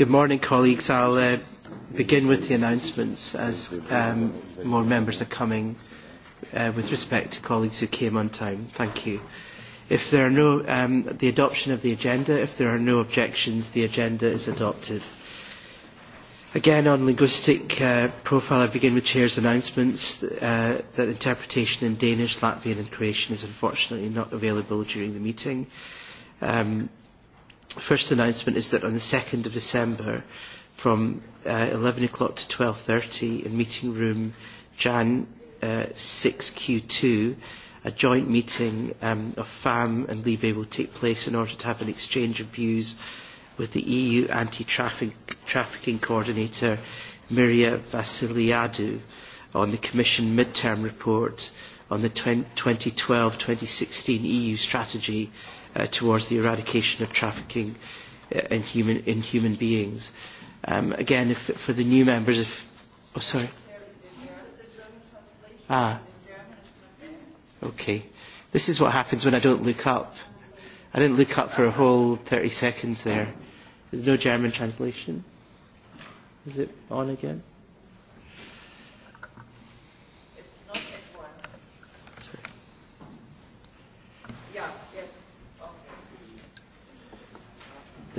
Good morning, colleagues. I'll uh, begin with the announcements as um, more members are coming uh, with respect to colleagues who came on time. Thank you. If there are no, um, the adoption of the agenda, if there are no objections, the agenda is adopted. Again, on linguistic uh, profile, I begin with Chair's announcements uh, that interpretation in Danish, Latvian and Croatian is unfortunately not available during the meeting. Um, first announcement is that on the 2nd of December, from uh, 11 o'clock to 12.30 in meeting room Jan uh, 6Q2, a joint meeting um, of FAM and LIBE will take place in order to have an exchange of views with the EU anti-trafficking coordinator Miria Vasiliadou on the Commission midterm report on the 2012-2016 EU strategy uh, towards the eradication of trafficking in human, in human beings. Um, again, if, for the new members, if, oh, sorry. Ah, okay. This is what happens when I don't look up. I didn't look up for a whole 30 seconds there. There's no German translation. Is it on again?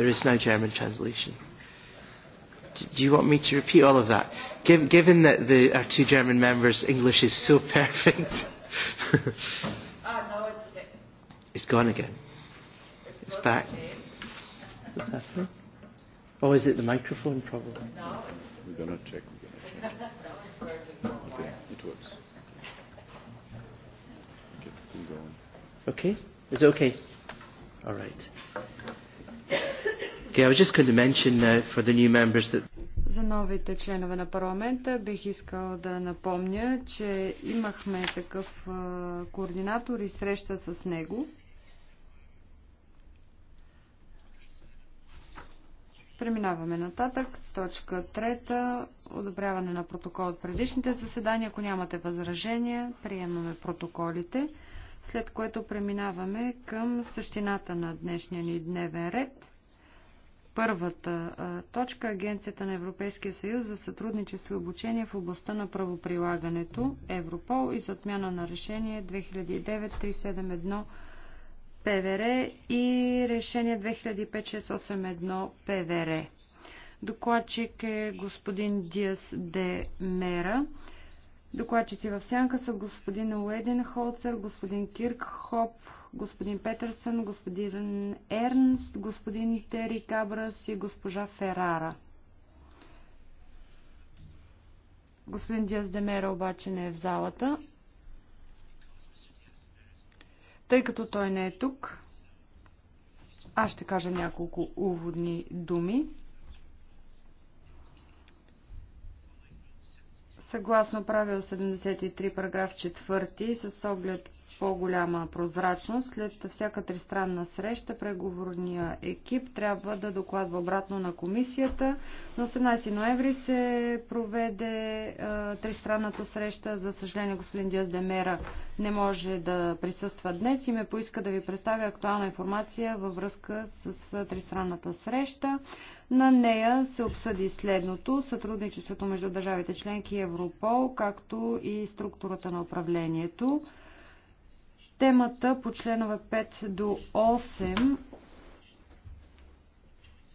There is no German translation. Do you want me to repeat all of that? Given that the, our two German members' English is so perfect. uh, no, it's, okay. it's gone again. It's, it's back. What's happening? Oh, is it the microphone problem? No. We're going to check. We're going check. okay, it works. Okay, keep going. Okay, is it okay? All right. Okay, I was just going to mention now uh, for the new members that за новите членове на парламента бих искал да напомня, че имахме такъв координатор и среща с него. Преминаваме нататък. Точка трета. Одобряване на протокол от предишните заседания. Ако нямате възражения, приемаме протоколите. След което преминаваме към същината на днешния ни дневен ред – първата точка Агенцията на Европейския съюз за сътрудничество и обучение в областта на правоприлагането Европол и за отмяна на решение 2009-371 ПВР и решение 2005-681 ПВР. Докладчик е господин Диас де Мера. Докладчици в сянка са господин Уеден Холцер, господин Кирк Хоп, господин Петърсън, господин Ернст, господин Тери Кабрас и госпожа Ферара. Господин Диас Демера обаче не е в залата. Тъй като той не е тук, аз ще кажа няколко уводни думи. Съгласно правил 73 параграф 4 с оглед по-голяма прозрачност. След всяка тристранна среща преговорния екип трябва да докладва обратно на комисията. На 18 ноември се проведе тристранната среща. За съжаление господин Диас Демера не може да присъства днес и ме поиска да ви представя актуална информация във връзка с тристранната среща. На нея се обсъди следното сътрудничеството между държавите членки и Европол, както и структурата на управлението. Темата по членове 5 до 8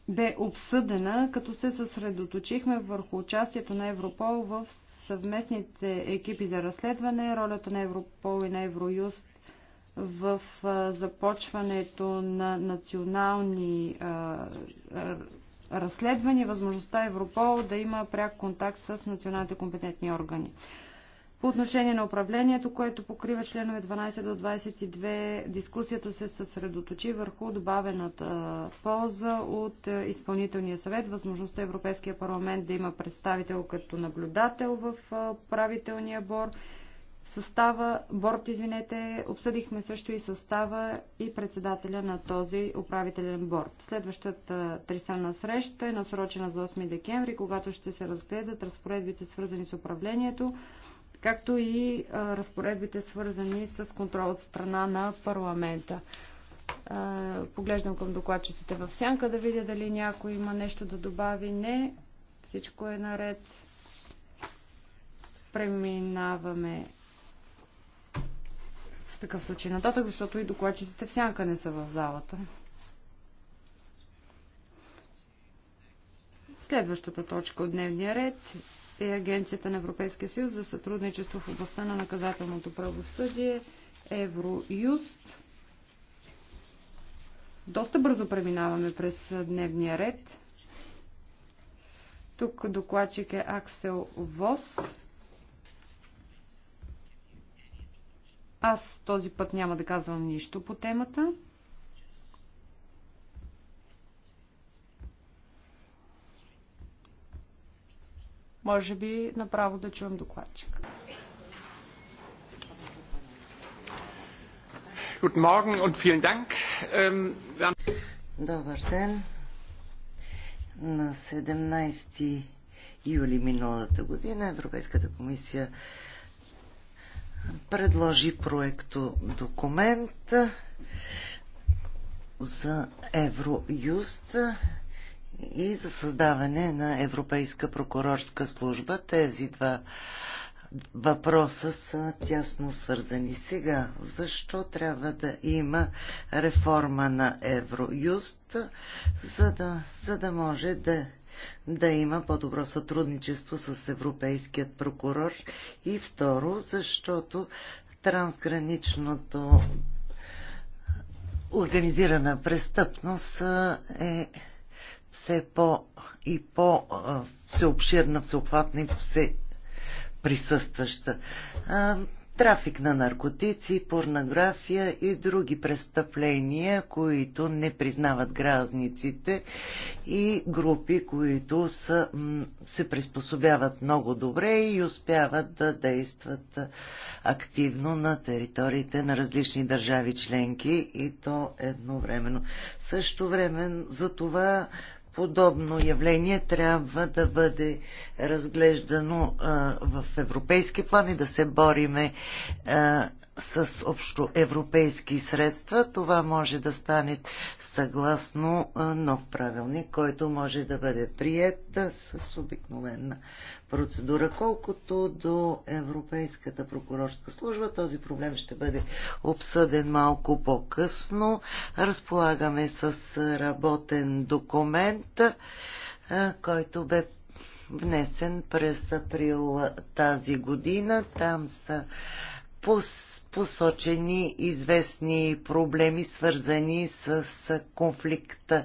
бе обсъдена, като се съсредоточихме върху участието на Европол в съвместните екипи за разследване, ролята на Европол и на Евроюст в започването на национални разследвания, възможността Европол да има пряк контакт с националните компетентни органи. По отношение на управлението, което покрива членове 12 до 22, дискусията се съсредоточи върху добавената полза от е, изпълнителния съвет, възможността Европейския парламент да има представител като наблюдател в е, правителния бор, състава, борт, извинете, обсъдихме също и състава и председателя на този управителен борт. Следващата е, тристранна среща е насрочена за 8 декември, когато ще се разгледат разпоредбите свързани с управлението, както и разпоредбите свързани с контрол от страна на парламента. Поглеждам към докладчиците в сянка да видя дали някой има нещо да добави. Не, всичко е наред. Преминаваме в такъв случай нататък, защото и докладчиците в сянка не са в залата. Следващата точка от дневния ред е Агенцията на Европейския съюз за сътрудничество в областта на наказателното правосъдие Евроюст. Доста бързо преминаваме през дневния ред. Тук докладчик е Аксел Вос. Аз този път няма да казвам нищо по темата. Може би направо да чуем докладчик. Guten Morgen und vielen Dank. Ähm, Добър ден. На 17 юли миналата година Европейската комисия предложи проекто документ за Евроюст и за създаване на Европейска прокурорска служба. Тези два въпроса са тясно свързани. Сега, защо трябва да има реформа на Евроюст, за да, за да може да, да има по-добро сътрудничество с Европейският прокурор? И второ, защото трансграничното организирана престъпност е все по и по всеобширна, всеобхватна и все присъстваща. Трафик на наркотици, порнография и други престъпления, които не признават гразниците и групи, които са, се приспособяват много добре и успяват да действат активно на териториите на различни държави членки и то едновременно. Също време за това подобно явление трябва да бъде разглеждано в европейски план и да се бориме с общо европейски средства. Това може да стане съгласно нов правилник, който може да бъде прият с обикновена процедура. Колкото до Европейската прокурорска служба, този проблем ще бъде обсъден малко по-късно. Разполагаме с работен документ, който бе внесен през април тази година. Там са посочени известни проблеми, свързани с конфликта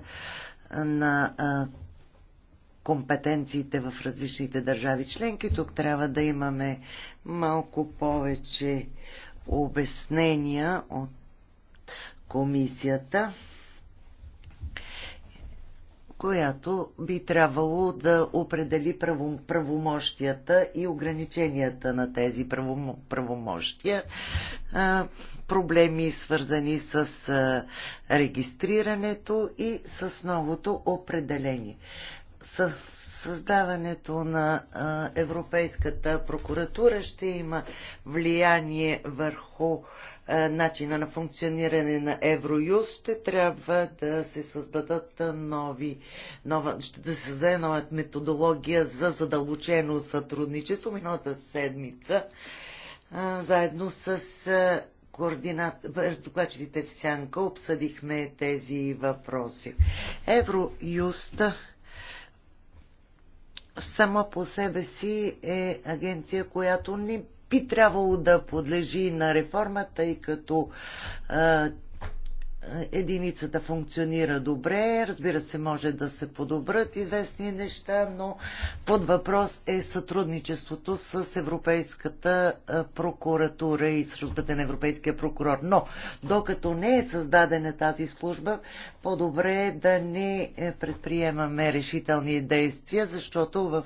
на компетенциите в различните държави членки. Тук трябва да имаме малко повече обяснения от комисията, която би трябвало да определи правомощията и ограниченията на тези правомощия. Проблеми свързани с регистрирането и с новото определение създаването на Европейската прокуратура ще има влияние върху начина на функциониране на Евроюз, ще трябва да се създадат нови, нова, ще да се създаде нова методология за задълбочено сътрудничество. Миналата седмица заедно с координат... в Сянка обсъдихме тези въпроси. Евроюста сама по себе си е агенция, която не би трябвало да подлежи на реформата, и като единицата функционира добре, разбира се, може да се подобрат известни неща, но под въпрос е сътрудничеството с Европейската прокуратура и службата на Европейския прокурор. Но, докато не е създадена тази служба, по-добре е да не е, предприемаме решителни действия, защото в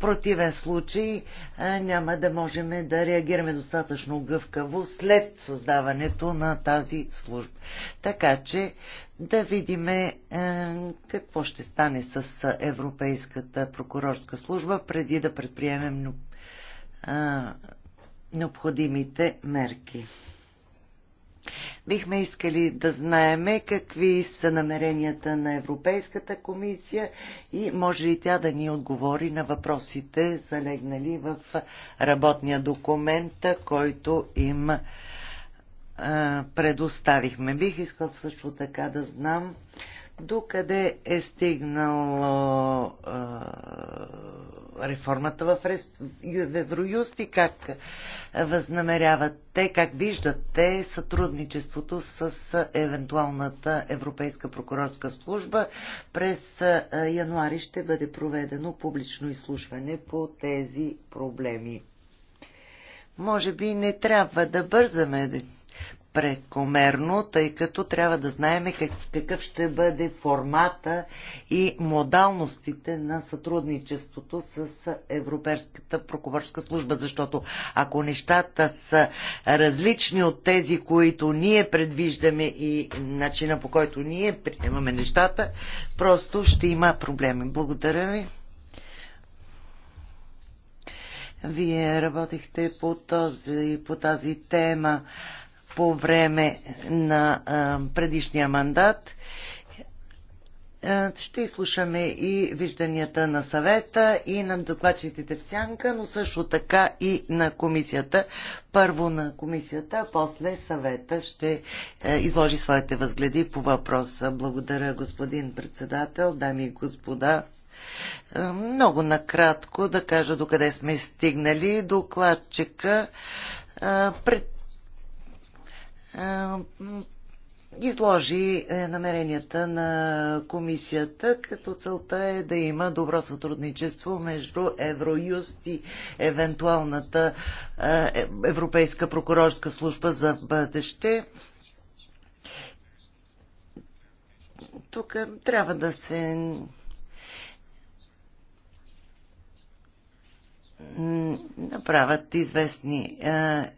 противен случай няма да можем да реагираме достатъчно гъвкаво след създаването на тази служба така че да видим е, какво ще стане с Европейската прокурорска служба преди да предприемем е, необходимите мерки. Бихме искали да знаеме какви са намеренията на Европейската комисия и може ли тя да ни отговори на въпросите, залегнали в работния документ, който им предоставихме. Бих искал също така да знам докъде е стигнала реформата в Евроюст и как възнамеряват те, как виждат те сътрудничеството с евентуалната Европейска прокурорска служба. През януари ще бъде проведено публично изслушване по тези проблеми. Може би не трябва да бързаме прекомерно, тъй като трябва да знаем как, какъв ще бъде формата и модалностите на сътрудничеството с Европейската прокурорска служба, защото ако нещата са различни от тези, които ние предвиждаме и начина по който ние приемаме нещата, просто ще има проблеми. Благодаря ви. Вие работихте по, този, по тази тема по време на предишния мандат. Ще изслушаме и вижданията на съвета и на докладчиците в сянка, но също така и на комисията. Първо на комисията, а после съвета ще изложи своите възгледи по въпроса. Благодаря, господин председател, дами и господа. Много накратко да кажа докъде сме стигнали. Докладчика пред е, изложи е, намеренията на комисията, като целта е да има добро сътрудничество между Евроюст и евентуалната е, Европейска прокурорска служба за бъдеще. Тук трябва да се направят известни е,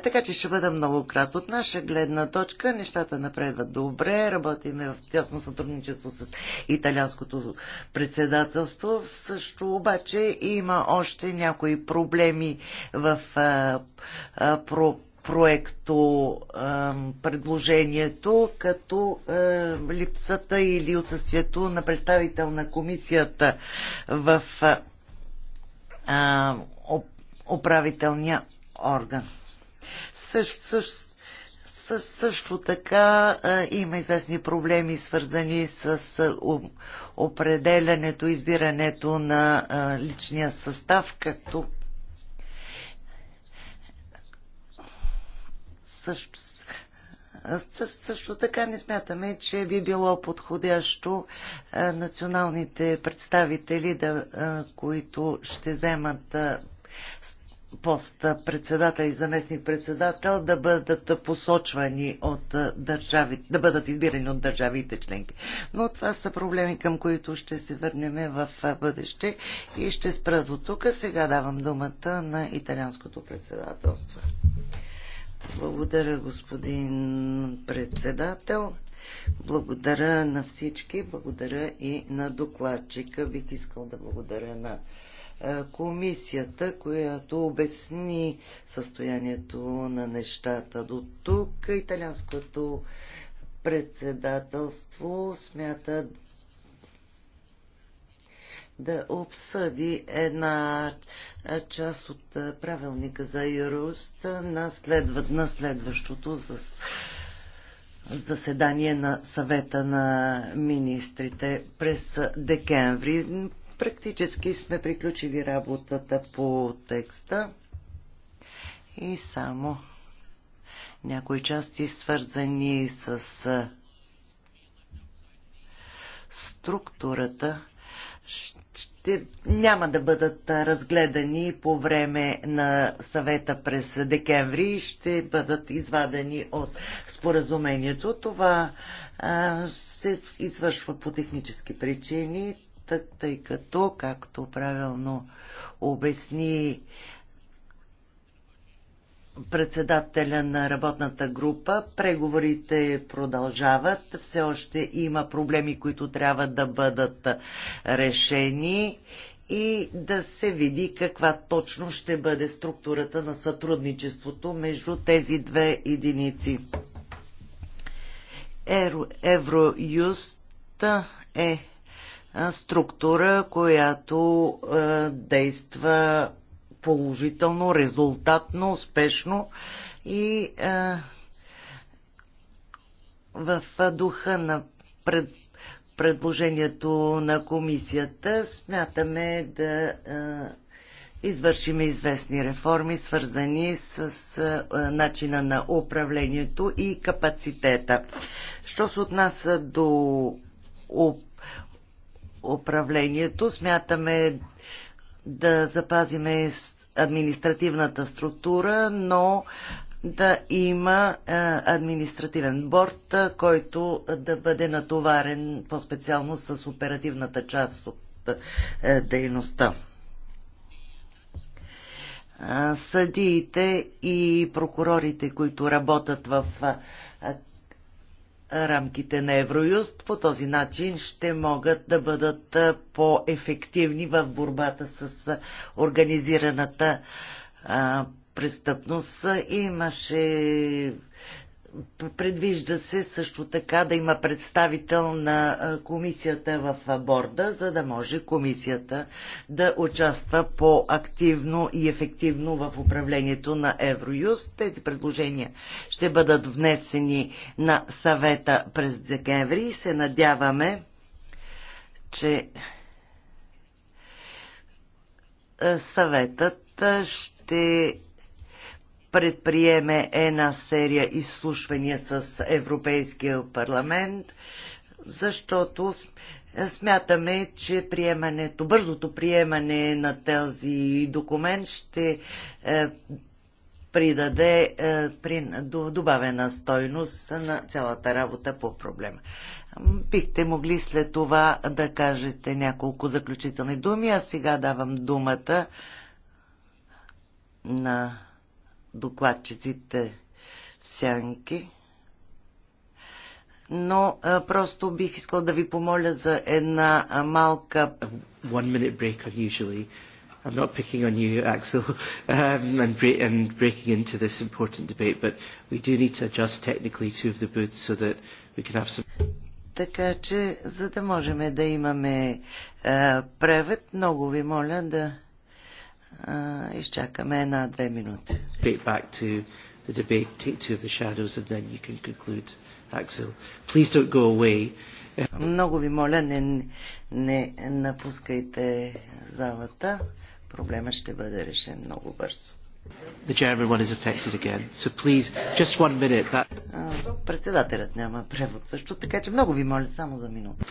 така че ще бъда много крат. От наша гледна точка нещата напредват добре, работиме в тясно сътрудничество с италианското председателство. Също обаче има още някои проблеми в а, е, а, е, про, проекто а, е, предложението, като а, липсата или отсъствието на представител на комисията в а, а, управителния орган. Също, също, също така има известни проблеми, свързани с определянето, избирането на личния състав, както също също така не смятаме, че би било подходящо националните представители, да, които ще вземат пост председател и заместник председател да бъдат посочвани от държави, да бъдат избирани от държавите членки. Но това са проблеми, към които ще се върнем в бъдеще и ще спра до тук. Сега давам думата на италианското председателство. Благодаря, господин председател. Благодаря на всички, благодаря и на докладчика. Бих искал да благодаря на е, комисията, която обясни състоянието на нещата до тук. Италианското председателство смята да обсъди една част от правилника за юрист на, следва, на следващото за заседание на съвета на министрите през декември. Практически сме приключили работата по текста и само някои части свързани с структурата ще, няма да бъдат разгледани по време на съвета през декември и ще бъдат извадени от споразумението. Това а, се извършва по технически причини, тъй като, както правилно обясни председателя на работната група. Преговорите продължават. Все още има проблеми, които трябва да бъдат решени и да се види каква точно ще бъде структурата на сътрудничеството между тези две единици. Евроюст е структура, която е, действа положително, резултатно, успешно и а, в духа на пред, предложението на комисията смятаме да а, извършим известни реформи, свързани с а, начина на управлението и капацитета. Що се отнася до управлението, смятаме да запазиме административната структура, но да има е, административен борт, е, който да бъде натоварен по-специално с оперативната част от е, дейността. Съдиите и прокурорите, които работят в рамките на Евроюст. По този начин ще могат да бъдат по-ефективни в борбата с организираната престъпност. Имаше Предвижда се също така да има представител на комисията в борда, за да може комисията да участва по-активно и ефективно в управлението на Евроюз. Тези предложения ще бъдат внесени на съвета през декември и се надяваме, че съветът ще предприеме една серия изслушвания с Европейския парламент, защото смятаме, че приемането, бързото приемане на този документ ще е, придаде е, при, добавена стойност на цялата работа по проблема. Бихте могли след това да кажете няколко заключителни думи, а сега давам думата на докладчиците сянки. Но а, просто бих искал да ви помоля за една а, малка... One minute break unusually. I'm not picking on you, Axel, um, and, bre- and breaking into this important debate, but we do need to adjust technically two of the booths so that we can have some... Така че, за да можем да имаме uh, превед, много ви моля да а, изчакаме една-две минути. Take Back to the debate, take two of the shadows, and then you can conclude, Axel. Please don't go away. Много ви моля, не, не напускайте залата. Проблема ще бъде решен много бързо. The German one is affected again. So please, just one minute. That... Uh, Председателят няма превод също, така че много ви моля, само за минута.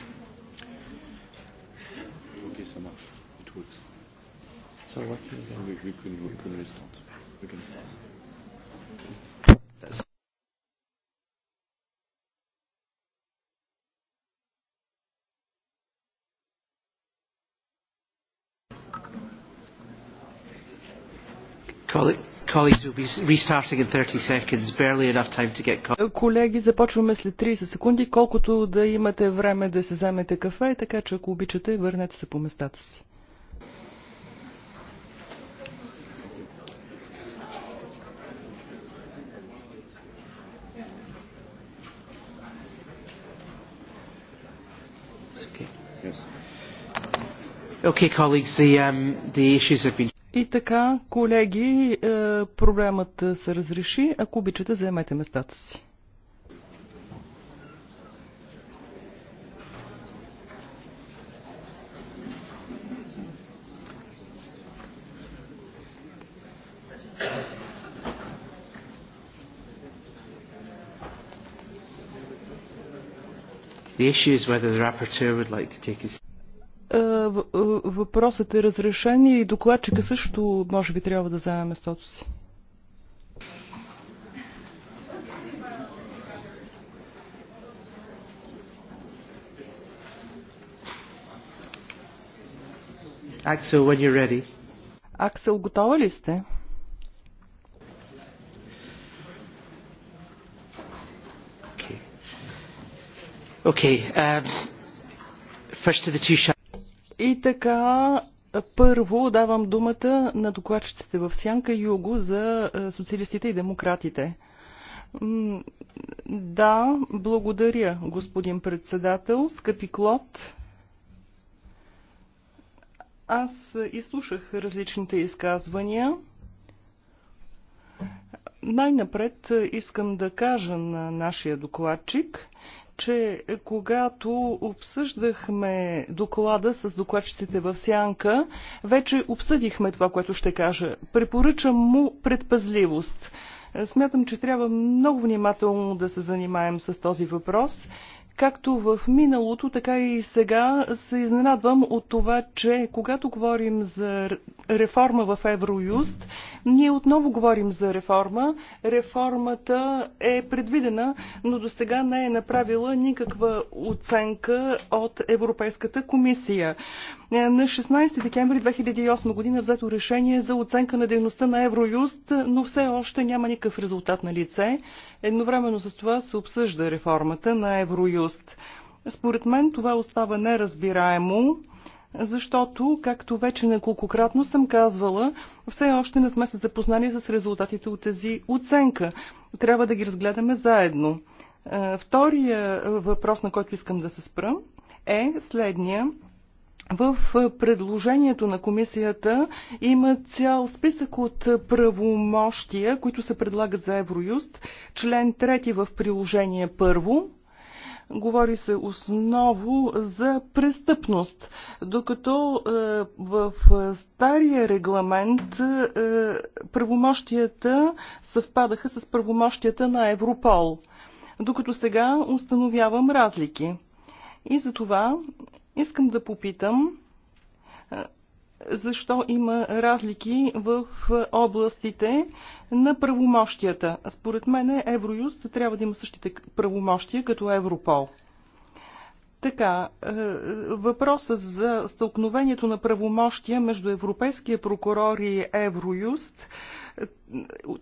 Колеги, започваме след 30 секунди, колкото да имате време да се вземете кафе, така че ако обичате, върнете се по местата си. Okay, colleagues, the, um, the issues have been... И така, колеги, проблемът се разреши. Ако обичате, заемете местата си. The issue is whether the rapporteur would like to take his... Е, е, въпросът е разрешен и докладчика също може би трябва да вземе местото си. Аксел, when you're ready. Аксел, готова ли сте? Okay. Okay. Um, first to the two и така, първо давам думата на докладчиците в Сянка Юго за е, социалистите и демократите. Да, благодаря, господин председател, скъпи Клод. Аз изслушах различните изказвания. Най-напред искам да кажа на нашия докладчик – че когато обсъждахме доклада с докладчиците в Сянка, вече обсъдихме това, което ще кажа. Препоръчам му предпазливост. Смятам, че трябва много внимателно да се занимаем с този въпрос Както в миналото, така и сега се изненадвам от това, че когато говорим за реформа в Евроюст, ние отново говорим за реформа. Реформата е предвидена, но до сега не е направила никаква оценка от Европейската комисия. Е, на 16 декември 2008 година е взето решение за оценка на дейността на Евроюст, но все още няма никакъв резултат на лице. Едновременно с това се обсъжда реформата на Евроюст. Според мен това остава неразбираемо защото, както вече неколкократно съм казвала, все още не сме се запознали с резултатите от тази оценка. Трябва да ги разгледаме заедно. Е, втория въпрос, на който искам да се спра, е следния. В предложението на комисията има цял списък от правомощия, които се предлагат за Евроюст. Член 3 в приложение 1 говори се основно за престъпност, докато е, в стария регламент е, правомощията съвпадаха с правомощията на Европол, докато сега установявам разлики. И за това Искам да попитам защо има разлики в областите на правомощията. Според мен Евроюст трябва да има същите правомощия като Европол. Така, въпросът за стълкновението на правомощия между Европейския прокурор и Евроюст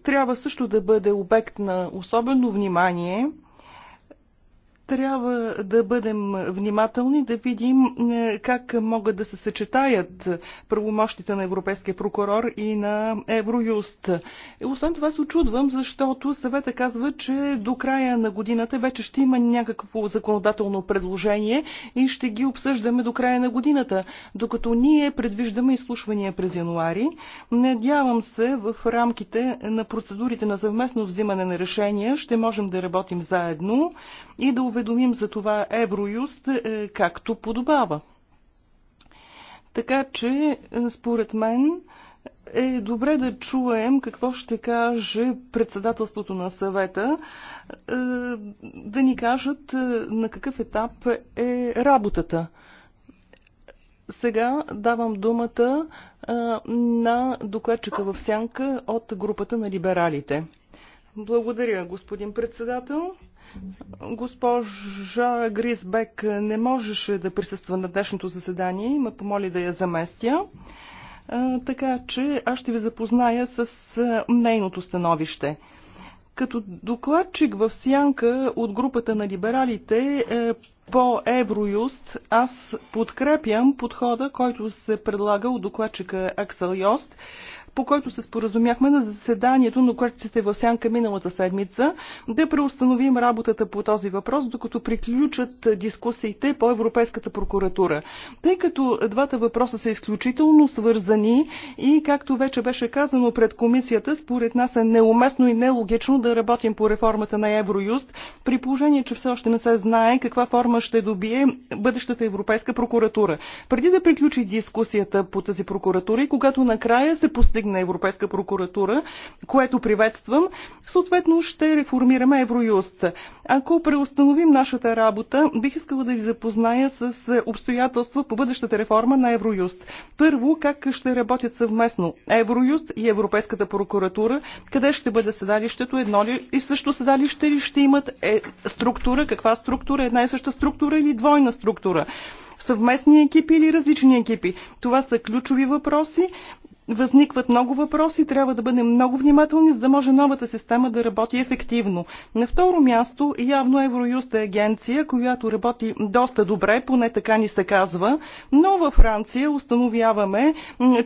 трябва също да бъде обект на особено внимание – трябва да бъдем внимателни, да видим е, как могат да се съчетаят правомощите на Европейския прокурор и на Евроюст. Е, освен това се очудвам, защото съвета казва, че до края на годината вече ще има някакво законодателно предложение и ще ги обсъждаме до края на годината, докато ние предвиждаме изслушвания през януари. Надявам се в рамките на процедурите на съвместно взимане на решения ще можем да работим заедно и да уведомим за това Евроюст е, както подобава. Така че, е, според мен, е добре да чуем какво ще каже председателството на съвета, е, да ни кажат на какъв етап е работата. Сега давам думата на докладчика в сянка от групата на либералите. Благодаря, господин председател. Госпожа Грисбек не можеше да присъства на днешното заседание и ме помоли да я заместя. Така че аз ще ви запозная с нейното становище. Като докладчик в сянка от групата на либералите е, по Евроюст, аз подкрепям подхода, който се предлага от докладчика Аксел Йост, по който се споразумяхме на заседанието, на което сте в сянка миналата седмица, да преустановим работата по този въпрос, докато приключат дискусиите по Европейската прокуратура. Тъй като двата въпроса са изключително свързани и, както вече беше казано пред комисията, според нас е неуместно и нелогично да работим по реформата на Евроюст, при положение, че все още не се знае каква форма ще добие бъдещата Европейска прокуратура. Преди да приключи дискусията по тази прокуратура и когато накрая се постигне на Европейска прокуратура, което приветствам. Съответно ще реформираме Евроюст. Ако преустановим нашата работа, бих искала да ви запозная с обстоятелства по бъдещата реформа на Евроюст. Първо, как ще работят съвместно Евроюст и Европейската прокуратура, къде ще бъде седалището, едно ли и също седалище ли ще имат е, структура, каква структура, една и съща структура или двойна структура съвместни екипи или различни екипи? Това са ключови въпроси възникват много въпроси, трябва да бъдем много внимателни, за да може новата система да работи ефективно. На второ място, явно Евроюст е агенция, която работи доста добре, поне така ни се казва, но във Франция установяваме,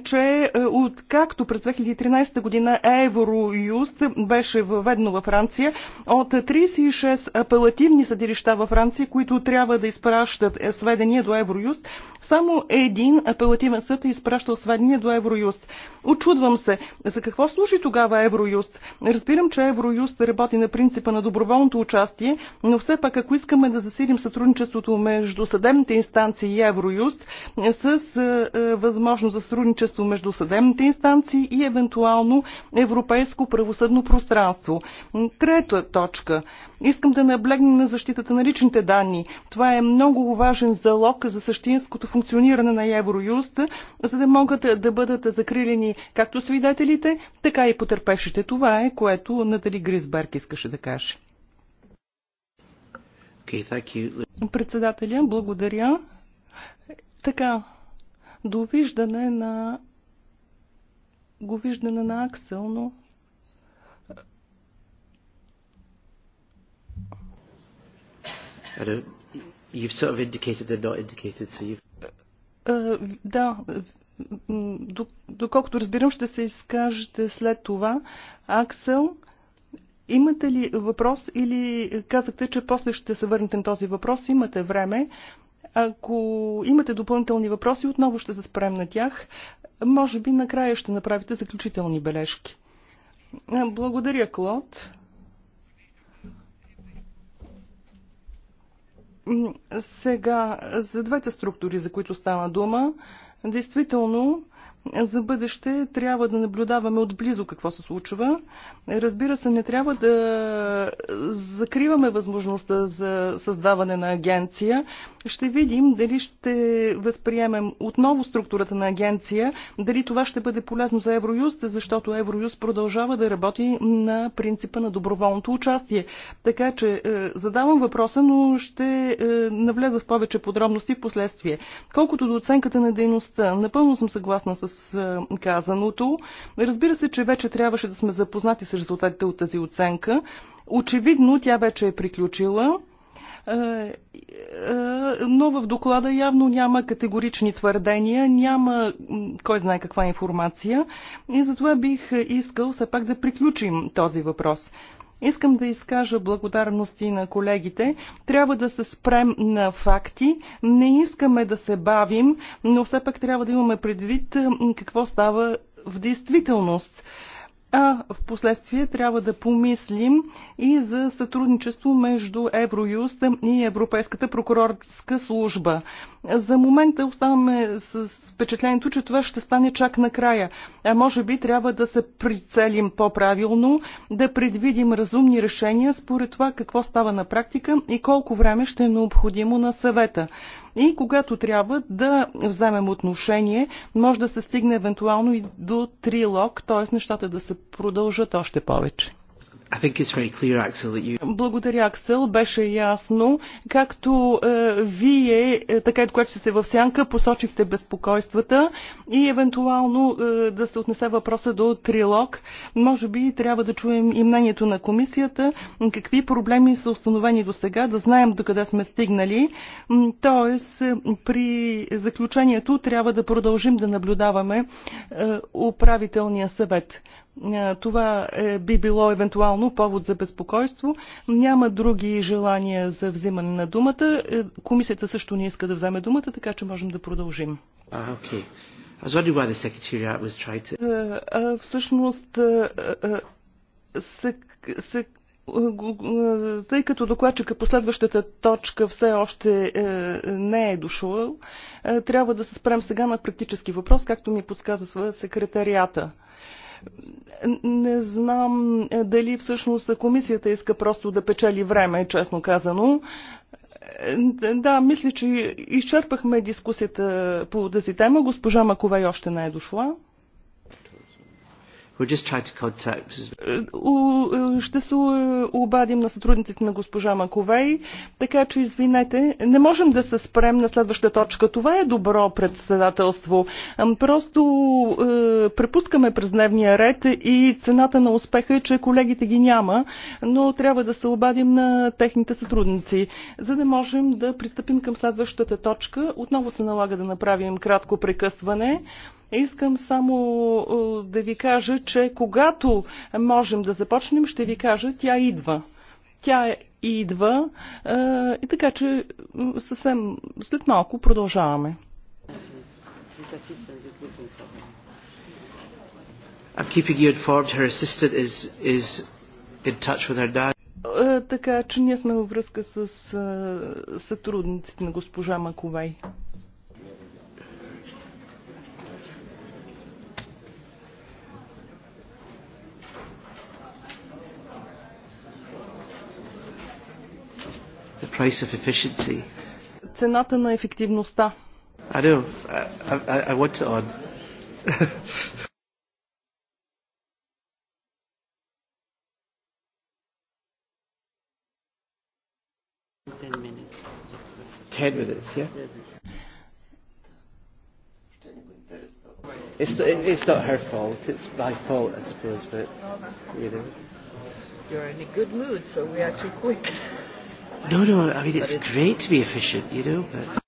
че е, откакто през 2013 година Евроюст беше въведено във Франция, от 36 апелативни съдилища във Франция, които трябва да изпращат е, сведения до Евроюст, само един апелативен съд е изпращал сведения до Евроюст. Очудвам се. За какво служи тогава Евроюст? Разбирам, че Евроюст работи на принципа на доброволното участие, но все пак ако искаме да засилим сътрудничеството между съдебните инстанции и Евроюст с е, е, възможност за сътрудничество между съдебните инстанции и евентуално европейско правосъдно пространство. Трета точка. Искам да наблегнем на защитата на личните данни. Това е много важен залог за същинското функциониране на Евроюст, за да могат да бъдат закрити застрелени, както свидетелите, така и потерпевшите. Това е, което Натали Грисберг искаше да каже. Okay, thank you. Председателя, благодаря. Така, довиждане на говиждане на Аксел, но You've sort of indicated they're not indicated, so you've... Uh, Да, доколкото разбирам, ще се изкажете след това. Аксел, имате ли въпрос или казахте, че после ще се върнете на този въпрос? Имате време. Ако имате допълнителни въпроси, отново ще се спрем на тях. Може би накрая ще направите заключителни бележки. Благодаря, Клод. Сега, за двете структури, за които стана дума, Действително, за бъдеще трябва да наблюдаваме отблизо какво се случва. Разбира се, не трябва да закриваме възможността за създаване на агенция. Ще видим дали ще възприемем отново структурата на агенция, дали това ще бъде полезно за Евроюст, защото Евроюст продължава да работи на принципа на доброволното участие. Така че е, задавам въпроса, но ще е, навлеза в повече подробности в последствие. Колкото до оценката на дейността, напълно съм съгласна с казаното. Разбира се, че вече трябваше да сме запознати с резултатите от тази оценка. Очевидно, тя вече е приключила но в доклада явно няма категорични твърдения, няма кой знае каква информация и затова бих искал все пак да приключим този въпрос. Искам да изкажа благодарности на колегите. Трябва да се спрем на факти. Не искаме да се бавим, но все пак трябва да имаме предвид какво става в действителност а в последствие трябва да помислим и за сътрудничество между Евроюст и Европейската прокурорска служба. За момента оставаме с впечатлението, че това ще стане чак накрая. А може би трябва да се прицелим по-правилно, да предвидим разумни решения според това какво става на практика и колко време ще е необходимо на съвета и когато трябва да вземем отношение, може да се стигне евентуално и до трилог, т.е. нещата да се продължат още повече. Благодаря, Аксел. Беше ясно. Както е, вие, е, така и когато сте в сянка, посочихте безпокойствата и евентуално е, да се отнесе въпроса до трилог. Може би трябва да чуем и мнението на комисията, какви проблеми са установени до сега, да знаем до къде сме стигнали. Тоест, е, при заключението трябва да продължим да наблюдаваме е, управителния съвет. Е, това е, би било евентуално повод за безпокойство. Няма други желания за взимане на думата. Е, комисията също не иска да вземе думата, така че можем да продължим. А, okay. to... а, всъщност, а, се, се, тъй като докладчика последващата точка все още не е е, трябва да се спрем сега на практически въпрос, както ми подсказва секретарията. Не знам е, дали всъщност комисията иска просто да печели време, честно казано. Е, да, мисля, че изчерпахме дискусията по тази тема. Госпожа и още не е дошла. Е, е, ще се е, обадим на сътрудниците на госпожа Маковей, така че извинете, не можем да се спрем на следваща точка. Това е добро председателство. Просто препускаме през дневния ред и цената на успеха е, че колегите ги няма, но трябва да се обадим на техните сътрудници. За да можем да пристъпим към следващата точка, отново се налага да направим кратко прекъсване. Искам само е, да ви кажа, че когато можем да започнем, ще ви кажа, тя идва. Тя идва е, и така, че съвсем след малко продължаваме. Е, така че ние сме във връзка с сътрудниците на госпожа Маковей. the price of efficiency. Цената на ефективността. I know. I, I, I want it on. Ten minutes, yeah? It's, it's not her fault, it's my fault, I suppose, but, you know. You're in a good mood, so we are too quick. No, no, I mean, it's great to be efficient, you know, but.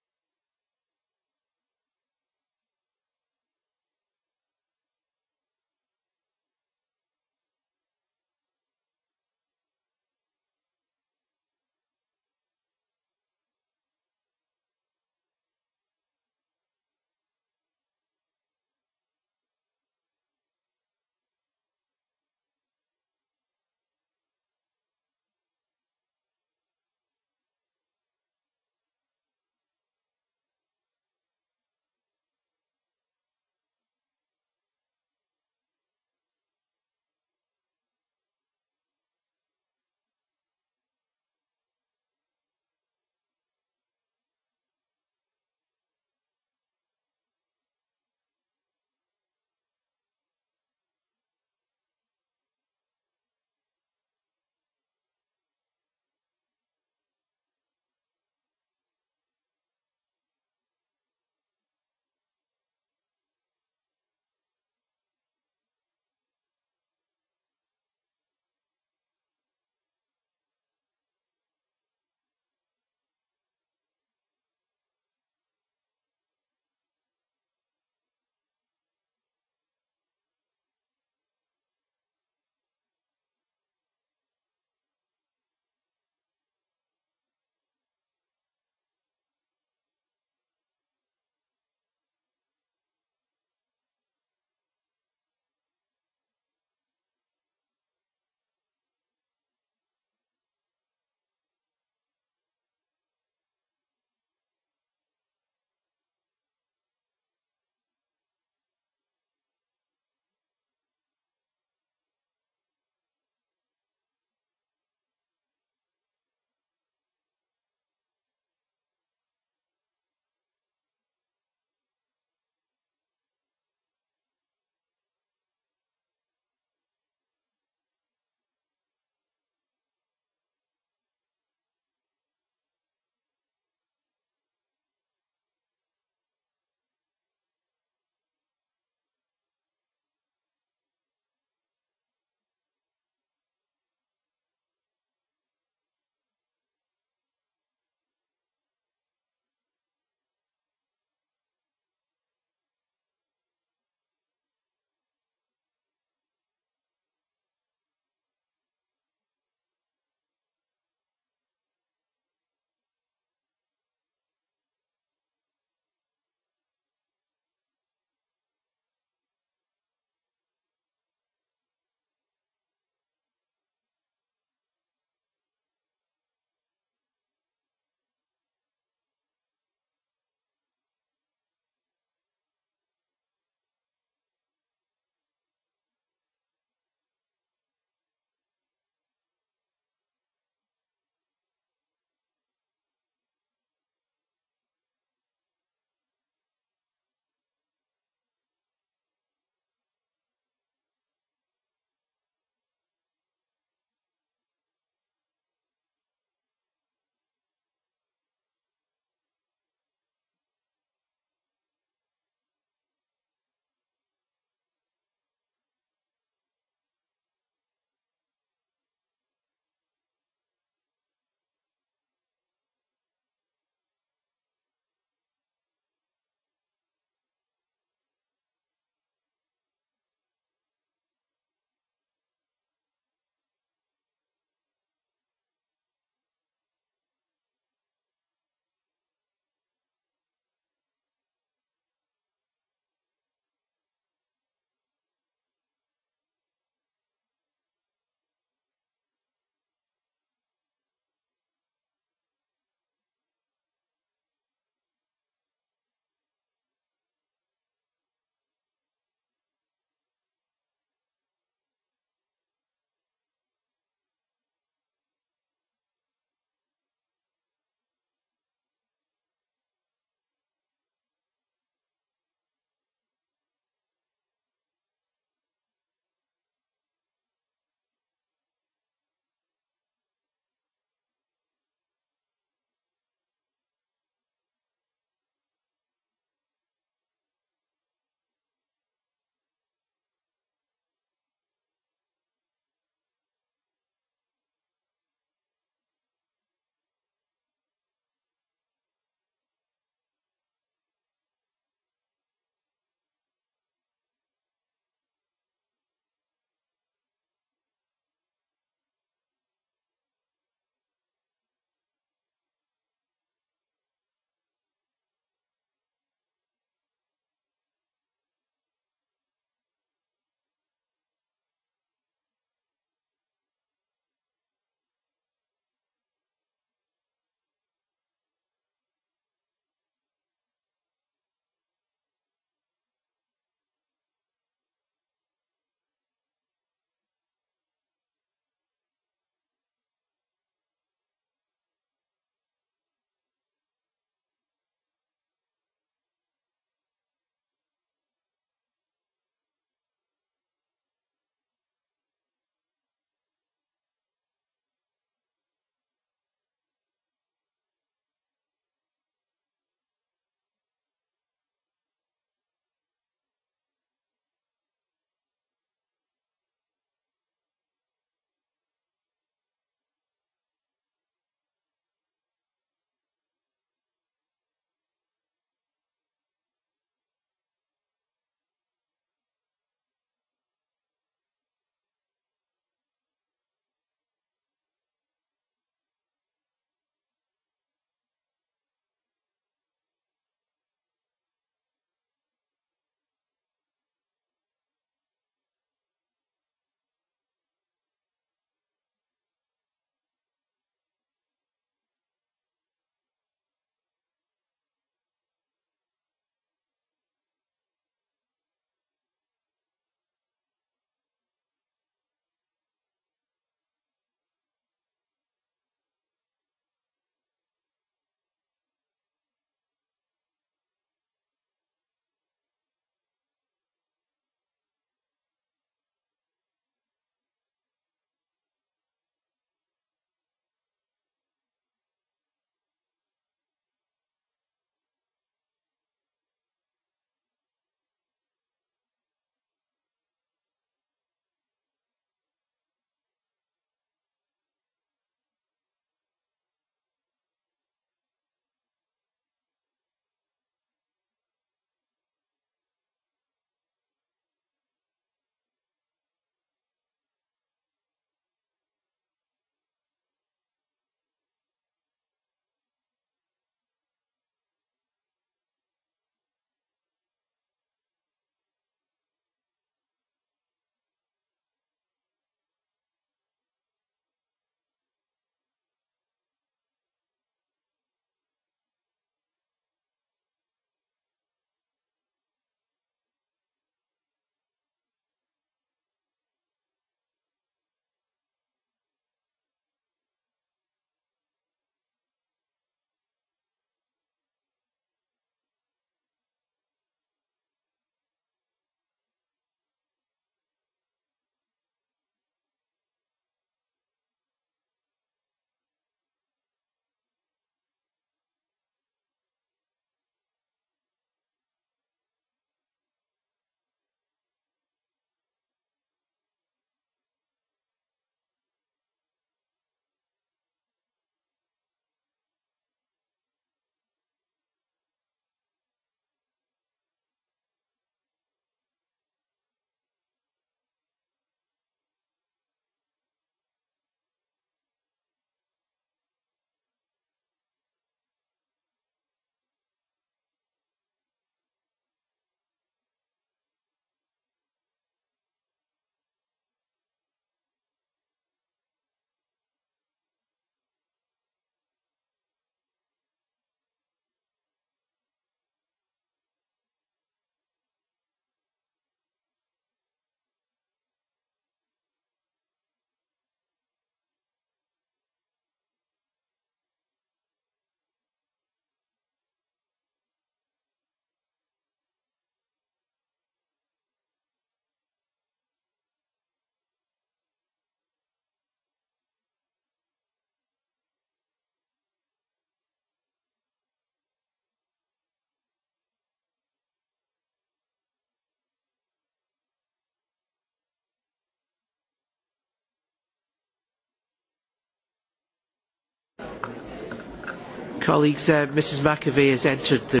Uh,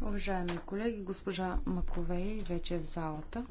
Уважаеми колеги, госпожа Маковей вече е в залата.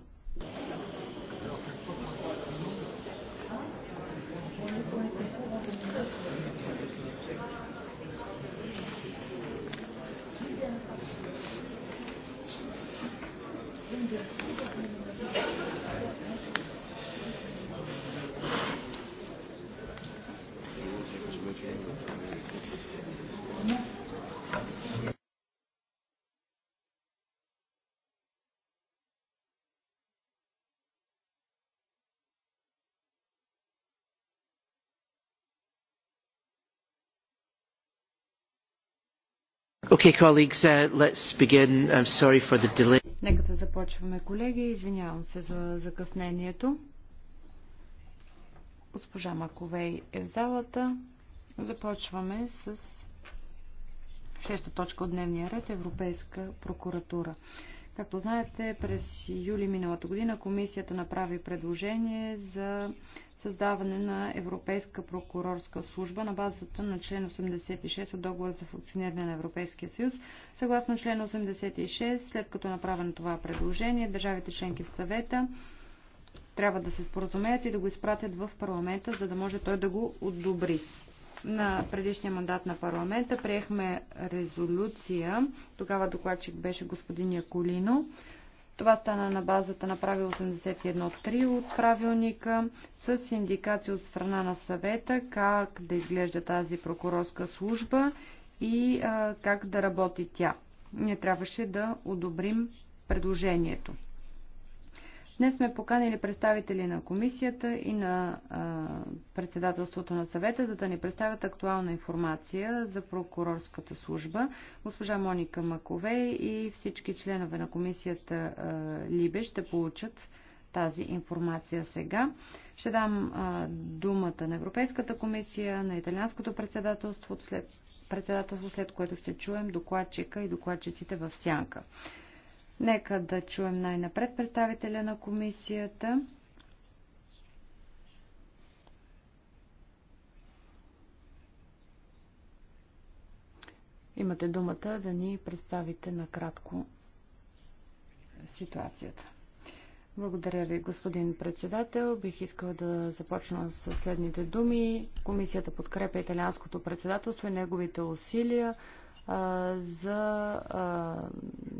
Okay, colleagues, uh, let's begin. I'm sorry for the delay. Нека да започваме, колеги. Извинявам се за закъснението. Госпожа Маковей е в залата. Започваме с шеста точка от дневния ред Европейска прокуратура. Както знаете, през юли миналата година комисията направи предложение за създаване на Европейска прокурорска служба на базата на член 86 от договора за функциониране на Европейския съюз. Съгласно член 86, след като е направено това предложение, държавите членки в съвета трябва да се споразумеят и да го изпратят в парламента, за да може той да го одобри на предишния мандат на парламента приехме резолюция. Тогава докладчик беше господин Яколино. Това стана на базата на правило 81.3 от правилника с индикация от страна на съвета как да изглежда тази прокурорска служба и а, как да работи тя. Ние трябваше да одобрим предложението. Днес сме поканили представители на комисията и на а, председателството на съвета, за да ни представят актуална информация за прокурорската служба. Госпожа Моника Макове и всички членове на комисията а, Либе ще получат тази информация сега. Ще дам а, думата на Европейската комисия, на Италианското председателство, след, председателство, след което ще чуем докладчика и докладчиците в сянка. Нека да чуем най-напред представителя на комисията. Имате думата да ни представите накратко ситуацията. Благодаря ви, господин председател. Бих искала да започна с следните думи. Комисията подкрепя италианското председателство и неговите усилия за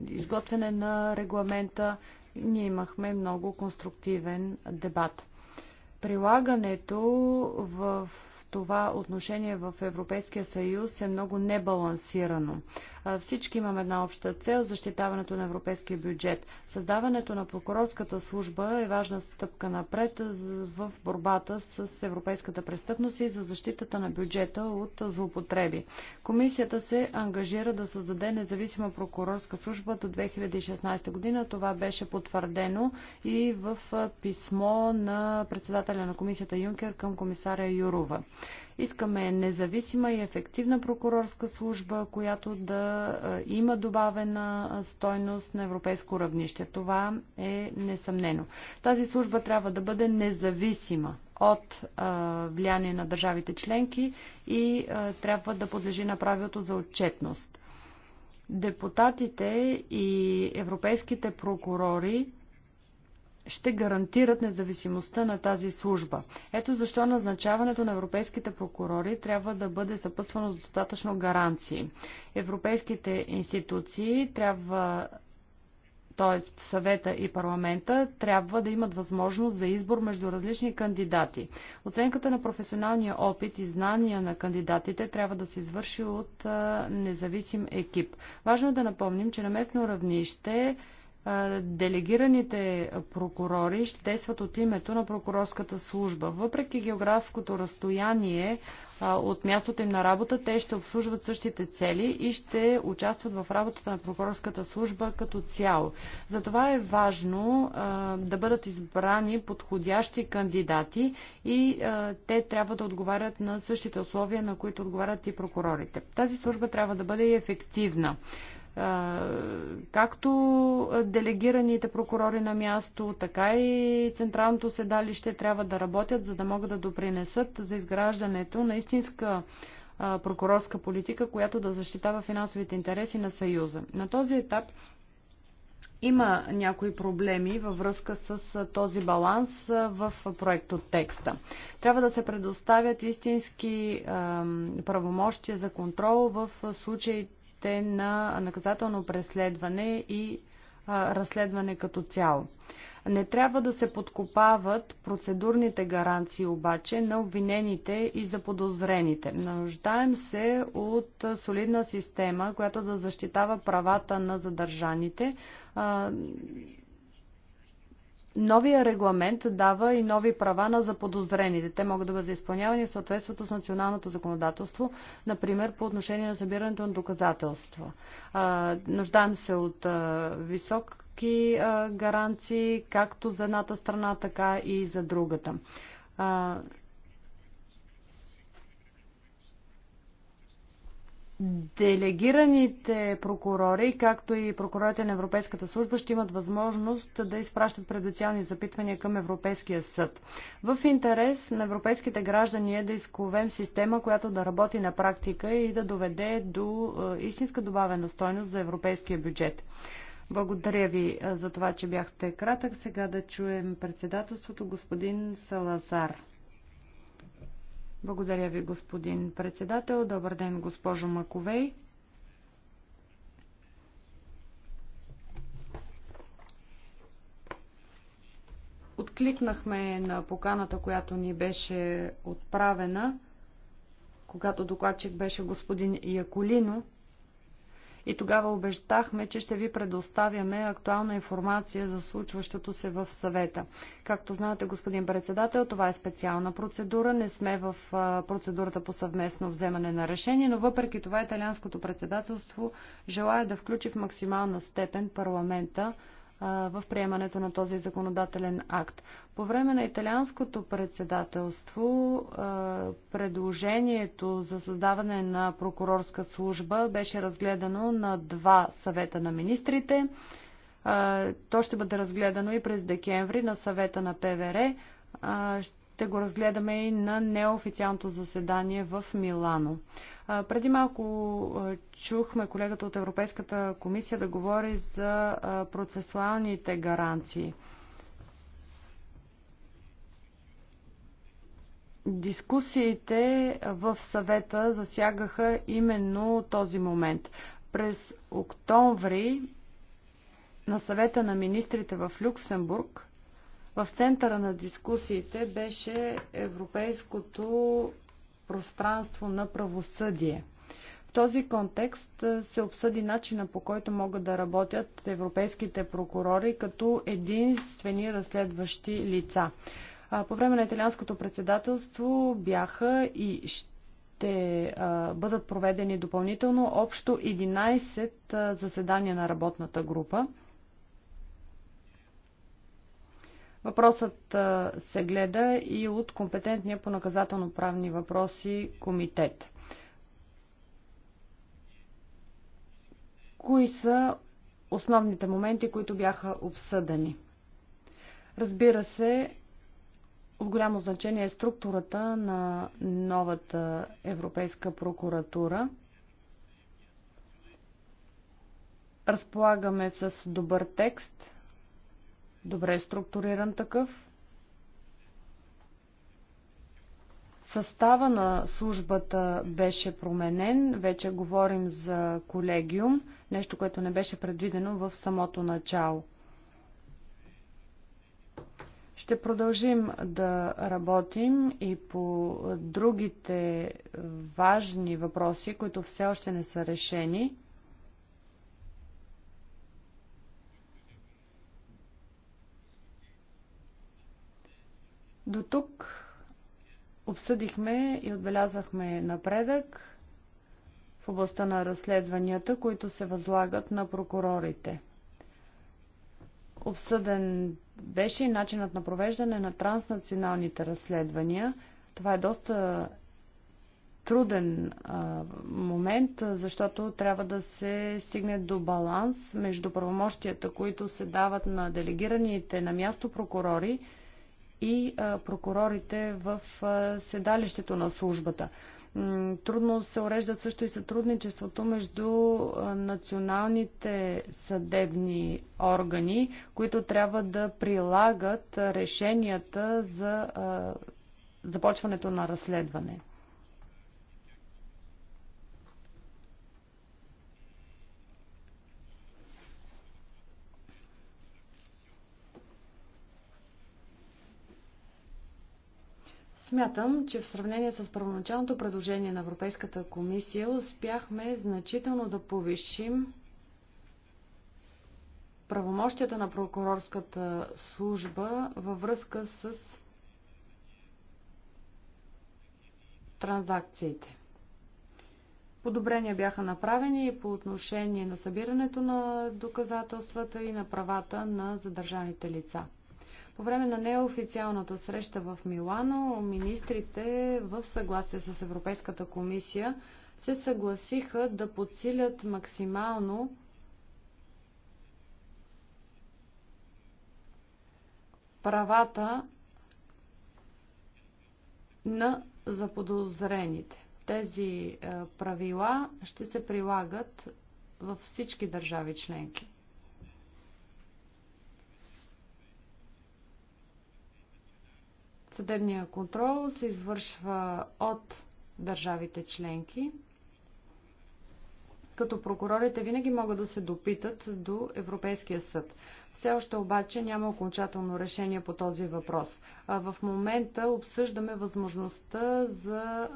изготвяне на регламента ние имахме много конструктивен дебат. Прилагането в това отношение в Европейския съюз е много небалансирано. Всички имаме една обща цел – защитаването на европейския бюджет. Създаването на прокурорската служба е важна стъпка напред в борбата с европейската престъпност и за защитата на бюджета от злоупотреби. Комисията се ангажира да създаде независима прокурорска служба до 2016 година. Това беше потвърдено и в писмо на председателя на комисията Юнкер към комисаря Юрова. Искаме независима и ефективна прокурорска служба, която да има добавена стойност на европейско равнище. Това е несъмнено. Тази служба трябва да бъде независима от влияние на държавите членки и трябва да подлежи на правилото за отчетност. Депутатите и европейските прокурори ще гарантират независимостта на тази служба. Ето защо назначаването на европейските прокурори трябва да бъде съпътствано с достатъчно гаранции. Европейските институции трябва т.е. съвета и парламента, трябва да имат възможност за избор между различни кандидати. Оценката на професионалния опит и знания на кандидатите трябва да се извърши от независим екип. Важно е да напомним, че на местно равнище делегираните прокурори ще действат от името на прокурорската служба. Въпреки географското разстояние от мястото им на работа, те ще обслужват същите цели и ще участват в работата на прокурорската служба като цяло. Затова е важно да бъдат избрани подходящи кандидати и те трябва да отговарят на същите условия, на които отговарят и прокурорите. Тази служба трябва да бъде и ефективна както делегираните прокурори на място, така и централното седалище трябва да работят, за да могат да допринесат за изграждането на истинска прокурорска политика, която да защитава финансовите интереси на Съюза. На този етап има някои проблеми във връзка с този баланс в проект от текста. Трябва да се предоставят истински правомощия за контрол в случаите рамките на наказателно преследване и разследване като цяло. Не трябва да се подкопават процедурните гаранции обаче на обвинените и заподозрените. Нуждаем се от солидна система, която да защитава правата на задържаните Новия регламент дава и нови права на заподозрените. Те могат да бъдат изпълнявани в съответствието с националното законодателство, например по отношение на събирането на доказателства. А, нуждаем се от а, високи а, гаранции, както за едната страна, така и за другата. А, Делегираните прокурори, както и прокурорите на Европейската служба, ще имат възможност да изпращат предоциални запитвания към Европейския съд. В интерес на европейските граждани е да изковем система, която да работи на практика и да доведе до е, истинска добавена стойност за европейския бюджет. Благодаря ви е, за това, че бяхте кратък. Сега да чуем председателството господин Салазар. Благодаря ви, господин председател. Добър ден, госпожо Маковей. Откликнахме на поканата, която ни беше отправена, когато докладчик беше господин Яколино и тогава обещахме, че ще ви предоставяме актуална информация за случващото се в съвета. Както знаете, господин председател, това е специална процедура. Не сме в процедурата по съвместно вземане на решение, но въпреки това италианското председателство желая да включи в максимална степен парламента в приемането на този законодателен акт. По време на италианското председателство предложението за създаване на прокурорска служба беше разгледано на два съвета на министрите. То ще бъде разгледано и през декември на съвета на ПВР. Ще го разгледаме и на неофициалното заседание в Милано. Преди малко чухме колегата от Европейската комисия да говори за процесуалните гаранции. Дискусиите в съвета засягаха именно този момент. През октомври на съвета на министрите в Люксембург в центъра на дискусиите беше европейското пространство на правосъдие. В този контекст се обсъди начина по който могат да работят европейските прокурори като единствени разследващи лица. По време на италианското председателство бяха и ще бъдат проведени допълнително общо 11 заседания на работната група. Въпросът се гледа и от компетентния по наказателно-правни въпроси комитет. Кои са основните моменти, които бяха обсъдени? Разбира се, от голямо значение е структурата на новата Европейска прокуратура. Разполагаме с добър текст, добре структуриран такъв. Състава на службата беше променен. Вече говорим за колегиум, нещо, което не беше предвидено в самото начало. Ще продължим да работим и по другите важни въпроси, които все още не са решени. До тук обсъдихме и отбелязахме напредък в областта на разследванията, които се възлагат на прокурорите. Обсъден беше и начинът на провеждане на транснационалните разследвания. Това е доста труден а, момент, защото трябва да се стигне до баланс между правомощията, които се дават на делегираните на място прокурори и прокурорите в седалището на службата. Трудно се урежда също и сътрудничеството между националните съдебни органи, които трябва да прилагат решенията за започването на разследване. Смятам, че в сравнение с първоначалното предложение на Европейската комисия успяхме значително да повишим правомощията на прокурорската служба във връзка с транзакциите. Подобрения бяха направени и по отношение на събирането на доказателствата и на правата на задържаните лица. По време на неофициалната среща в Милано, министрите в съгласие с Европейската комисия се съгласиха да подсилят максимално правата на заподозрените. Тези е, правила ще се прилагат във всички държави членки. Съдебния контрол се извършва от държавите членки, като прокурорите винаги могат да се допитат до Европейския съд. Все още обаче няма окончателно решение по този въпрос. В момента обсъждаме възможността за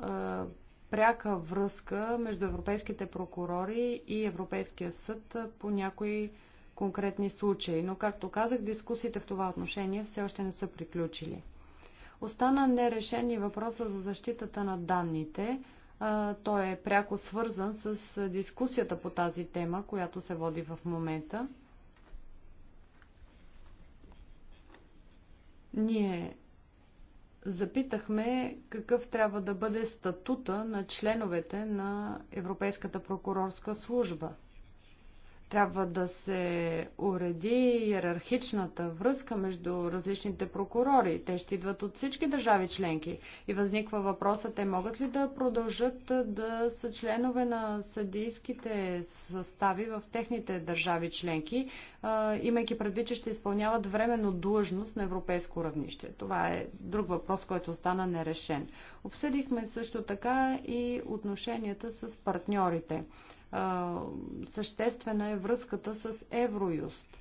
пряка връзка между европейските прокурори и Европейския съд по някои конкретни случаи. Но, както казах, дискусиите в това отношение все още не са приключили. Остана нерешен и въпроса за защитата на данните. Той е пряко свързан с дискусията по тази тема, която се води в момента. Ние запитахме какъв трябва да бъде статута на членовете на Европейската прокурорска служба – трябва да се уреди иерархичната връзка между различните прокурори. Те ще идват от всички държави членки. И възниква въпроса, те могат ли да продължат да са членове на съдийските състави в техните държави членки, имайки предвид, че ще изпълняват временно длъжност на европейско равнище. Това е друг въпрос, който остана нерешен. Обсъдихме също така и отношенията с партньорите съществена е връзката с Евроюст.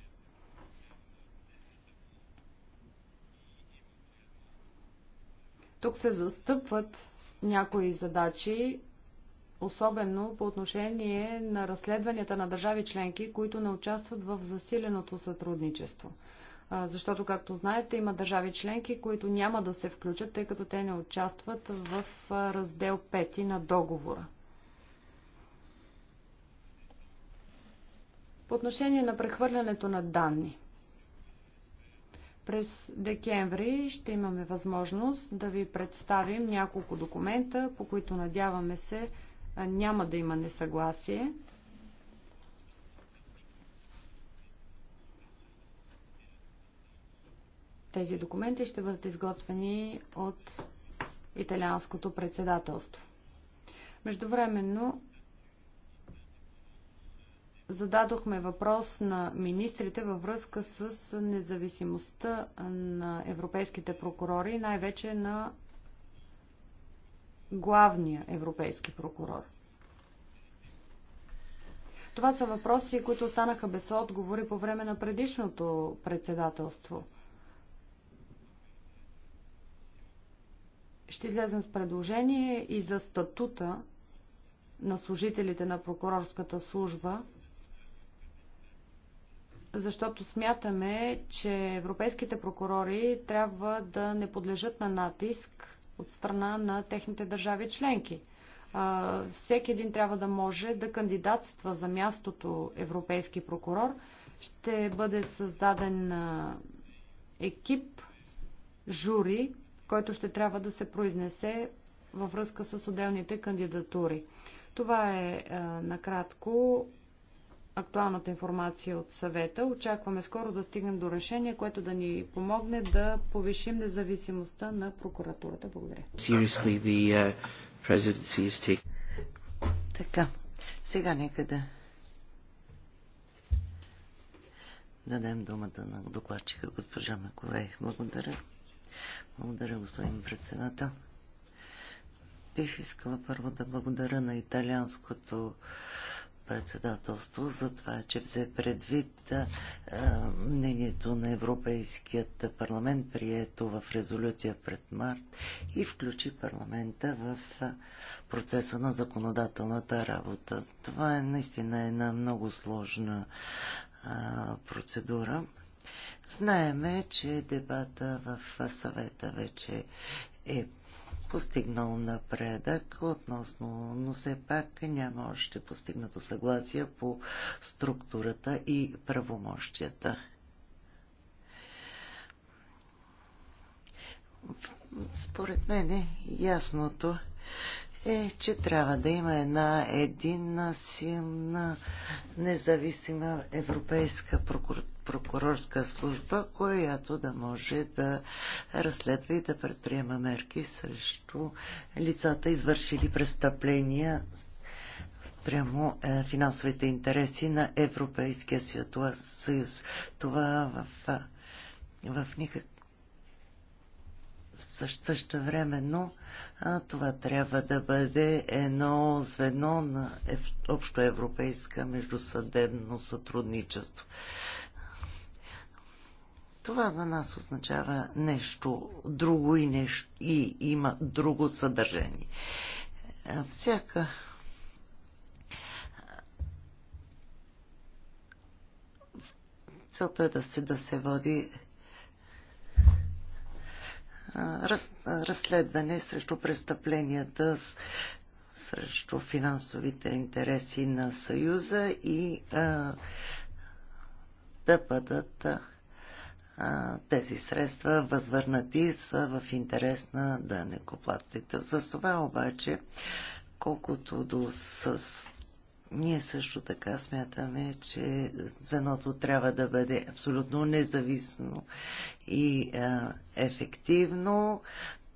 Тук се застъпват някои задачи, особено по отношение на разследванията на държави членки, които не участват в засиленото сътрудничество. Защото, както знаете, има държави членки, които няма да се включат, тъй като те не участват в раздел 5 на договора. По отношение на прехвърлянето на данни. През декември ще имаме възможност да ви представим няколко документа, по които надяваме се няма да има несъгласие. Тези документи ще бъдат изготвени от италианското председателство. Междувременно зададохме въпрос на министрите във връзка с независимостта на европейските прокурори, най-вече на главния европейски прокурор. Това са въпроси, които останаха без отговори по време на предишното председателство. Ще излезем с предложение и за статута на служителите на прокурорската служба – защото смятаме, че европейските прокурори трябва да не подлежат на натиск от страна на техните държави членки. Всеки един трябва да може да кандидатства за мястото европейски прокурор. Ще бъде създаден екип, жури, който ще трябва да се произнесе във връзка с отделните кандидатури. Това е накратко актуалната информация от съвета. Очакваме скоро да стигнем до решение, което да ни помогне да повишим независимостта на прокуратурата. Благодаря. Uh, така, сега нека да дадем думата на докладчика госпожа Маковей. Благодаря. Благодаря, господин председател. Бих искала първо да благодаря на италианското председателство за това, че взе предвид а, мнението на Европейският парламент, прието в резолюция пред март и включи парламента в процеса на законодателната работа. Това е наистина една много сложна а, процедура. Знаеме, че дебата в съвета вече е постигнал напредък относно, но все пак няма още постигнато съгласие по структурата и правомощията. Според мен ясното е, че трябва да има една единна, силна, независима европейска прокуратура прокурорска служба, която да може да разследва и да предприема мерки срещу лицата, извършили престъпления спрямо е, финансовите интереси на Европейския съюз. Това в, в никак но а, това трябва да бъде едно звено на ев... общоевропейска междусъдебно сътрудничество. Това за нас означава нещо друго и, нещо, и има друго съдържание. Всяка целта е да се, да се води раз, разследване срещу престъпленията срещу финансовите интереси на Съюза и а, да бъдат а, а, тези средства възвърнати са в интерес на данекоплатците. За това обаче, колкото до с... Ние също така смятаме, че звеното трябва да бъде абсолютно независимо и а, ефективно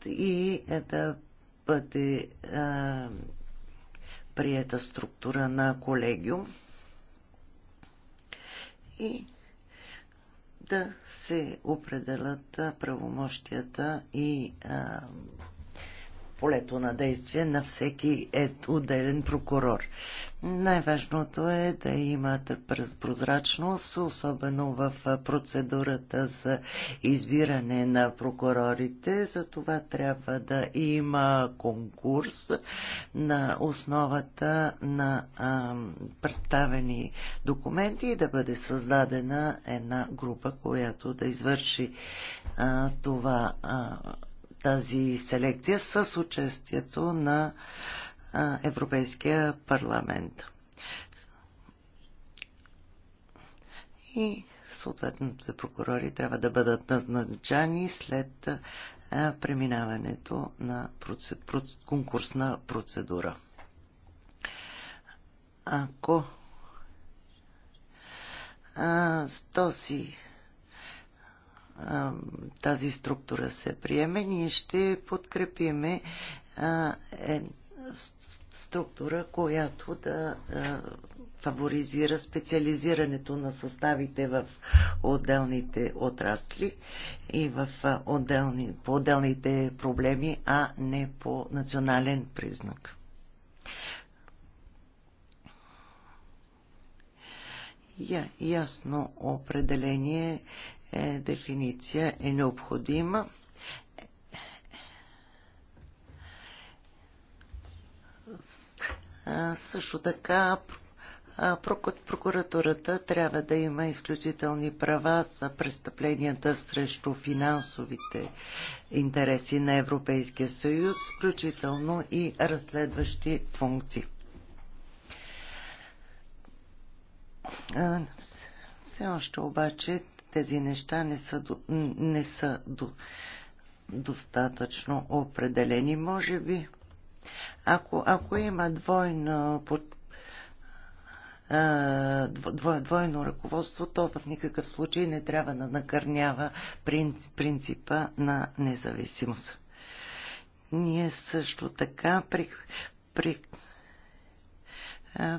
и е, да бъде а, приета структура на колегиум. И да се определят правомощията и полето на действие на всеки е отделен прокурор. Най-важното е да има прозрачност, особено в процедурата за избиране на прокурорите. За това трябва да има конкурс на основата на а, представени документи и да бъде създадена една група, която да извърши а, това а, тази селекция с участието на Европейския парламент. И съответните прокурори трябва да бъдат назначани след преминаването на конкурсна процедура. Ако а, този тази структура се приеме, ние ще подкрепиме е, структура, която да фаворизира специализирането на съставите в отделните отрасли и в отделни, по отделните проблеми, а не по национален признак. Я, ясно определение е, дефиниция е необходима. Също така прокуратурата трябва да има изключителни права за престъпленията срещу финансовите интереси на Европейския съюз, включително и разследващи функции. Все още обаче тези неща не са, до, не са до, достатъчно определени. Може би, ако, ако има двойна под, дво, двойно ръководство, то в никакъв случай не трябва да накърнява принципа на независимост. Ние също така при, при,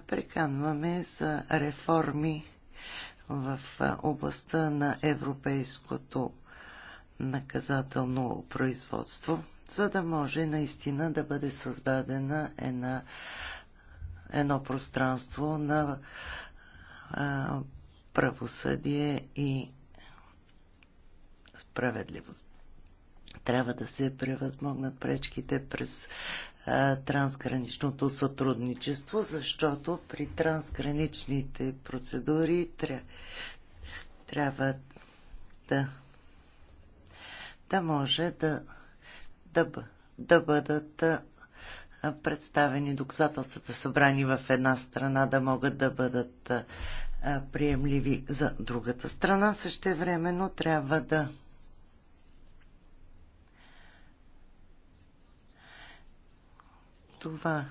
приканваме за реформи в областта на европейското наказателно производство, за да може наистина да бъде създадена една, едно пространство на а, правосъдие и справедливост. Трябва да се превъзмогнат пречките през трансграничното сътрудничество, защото при трансграничните процедури тря... трябва да, да може да, да, да бъдат представени доказателствата събрани в една страна, да могат да бъдат приемливи за другата страна. времено трябва да това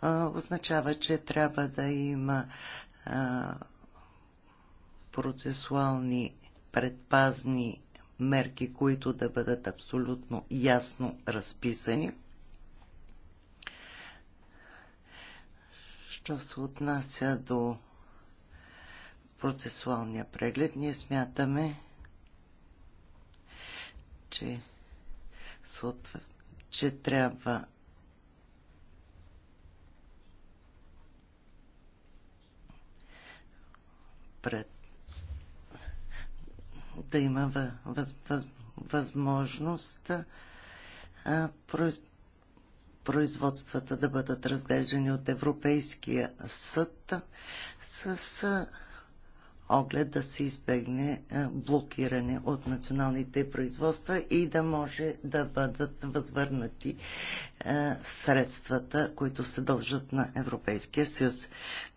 а, означава, че трябва да има а, процесуални предпазни мерки, които да бъдат абсолютно ясно разписани. Що се отнася до процесуалния преглед, ние смятаме, че, че трябва пред да има въз, въз, възможност а, произ, производствата да бъдат разглеждани от Европейския съд с а, оглед да се избегне а, блокиране от националните производства и да може да бъдат възвърнати а, средствата, които се дължат на Европейския съюз.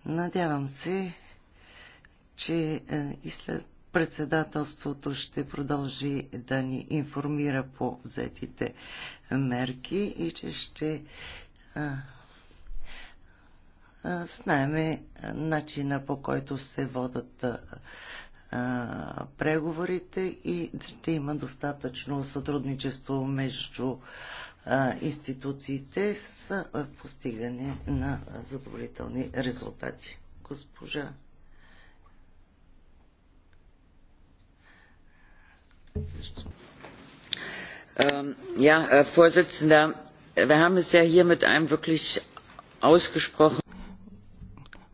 Надявам се, че е, и след председателството ще продължи да ни информира по взетите мерки и че ще е, е, знаеме начина по който се водат преговорите и ще има достатъчно сътрудничество между институциите с постигане на задоволителни резултати. Госпожа herr ähm, äh, präsident! wir haben es ja hier mit einem wirklich ausgesprochen.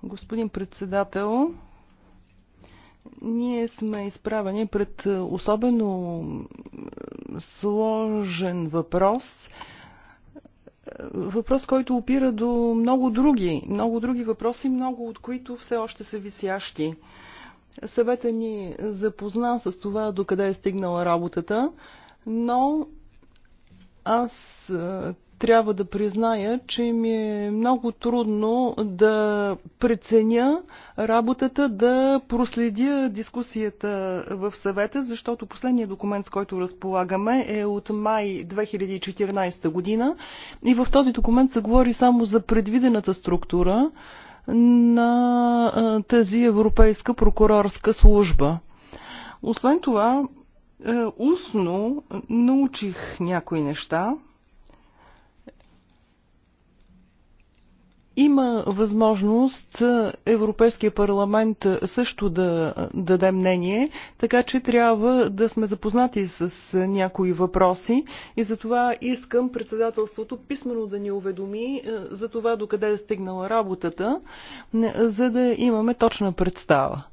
господин председател ние сме изправени пред е, особено е, сложен въпрос е, въпрос, който опира до много други, много други въпроси, много от които все още са висящи. Съвета ни запозна с това докъде е стигнала работата, но аз трябва да призная, че ми е много трудно да преценя работата, да проследя дискусията в съвета, защото последният документ, с който разполагаме, е от май 2014 година и в този документ се говори само за предвидената структура, на тази Европейска прокурорска служба. Освен това, е, устно научих някои неща. Има възможност Европейския парламент също да даде мнение, така че трябва да сме запознати с някои въпроси и затова искам председателството писменно да ни уведоми за това докъде е стигнала работата, за да имаме точна представа.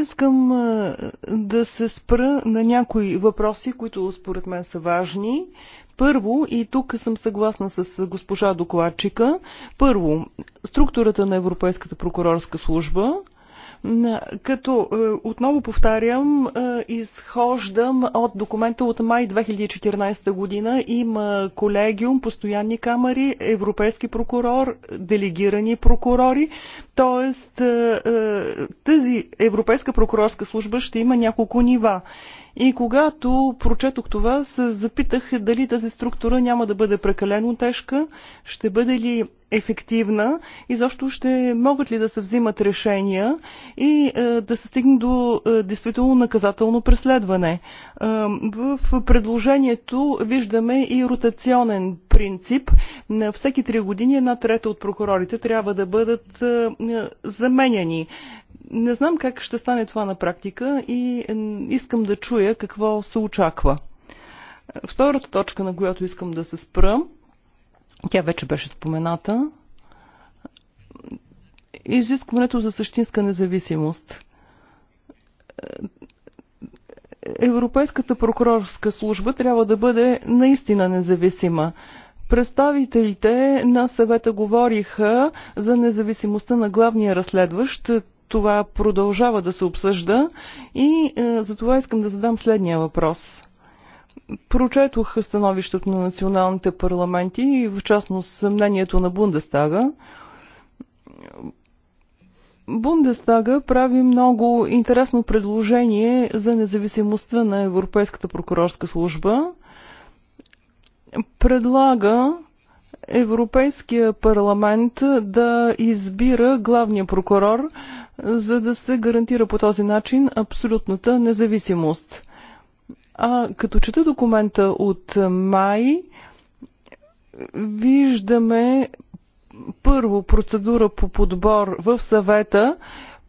Искам да се спра на някои въпроси, които според мен са важни. Първо, и тук съм съгласна с госпожа докладчика, първо, структурата на Европейската прокурорска служба – като е, отново повтарям, е, изхождам от документа от май 2014 година. Има колегиум, постоянни камери, европейски прокурор, делегирани прокурори. Тоест е, тази Европейска прокурорска служба ще има няколко нива. И когато прочетох това, се запитах дали тази структура няма да бъде прекалено тежка, ще бъде ли ефективна и защо ще могат ли да се взимат решения и е, да се стигне до е, действително наказателно преследване. Е, в предложението виждаме и ротационен принцип. На всеки три години една трета от прокурорите трябва да бъдат заменяни. Не знам как ще стане това на практика и искам да чуя какво се очаква. Втората точка, на която искам да се спра, тя вече беше спомената. Изискването за същинска независимост. Европейската прокурорска служба трябва да бъде наистина независима. Представителите на съвета говориха за независимостта на главния разследващ. Това продължава да се обсъжда и е, за това искам да задам следния въпрос. Прочетох становището на националните парламенти и в частност съмнението на Бундестага. Бундестага прави много интересно предложение за независимостта на Европейската прокурорска служба. Предлага Европейския парламент да избира главния прокурор, за да се гарантира по този начин абсолютната независимост. А като чета документа от май, виждаме първо процедура по подбор в съвета,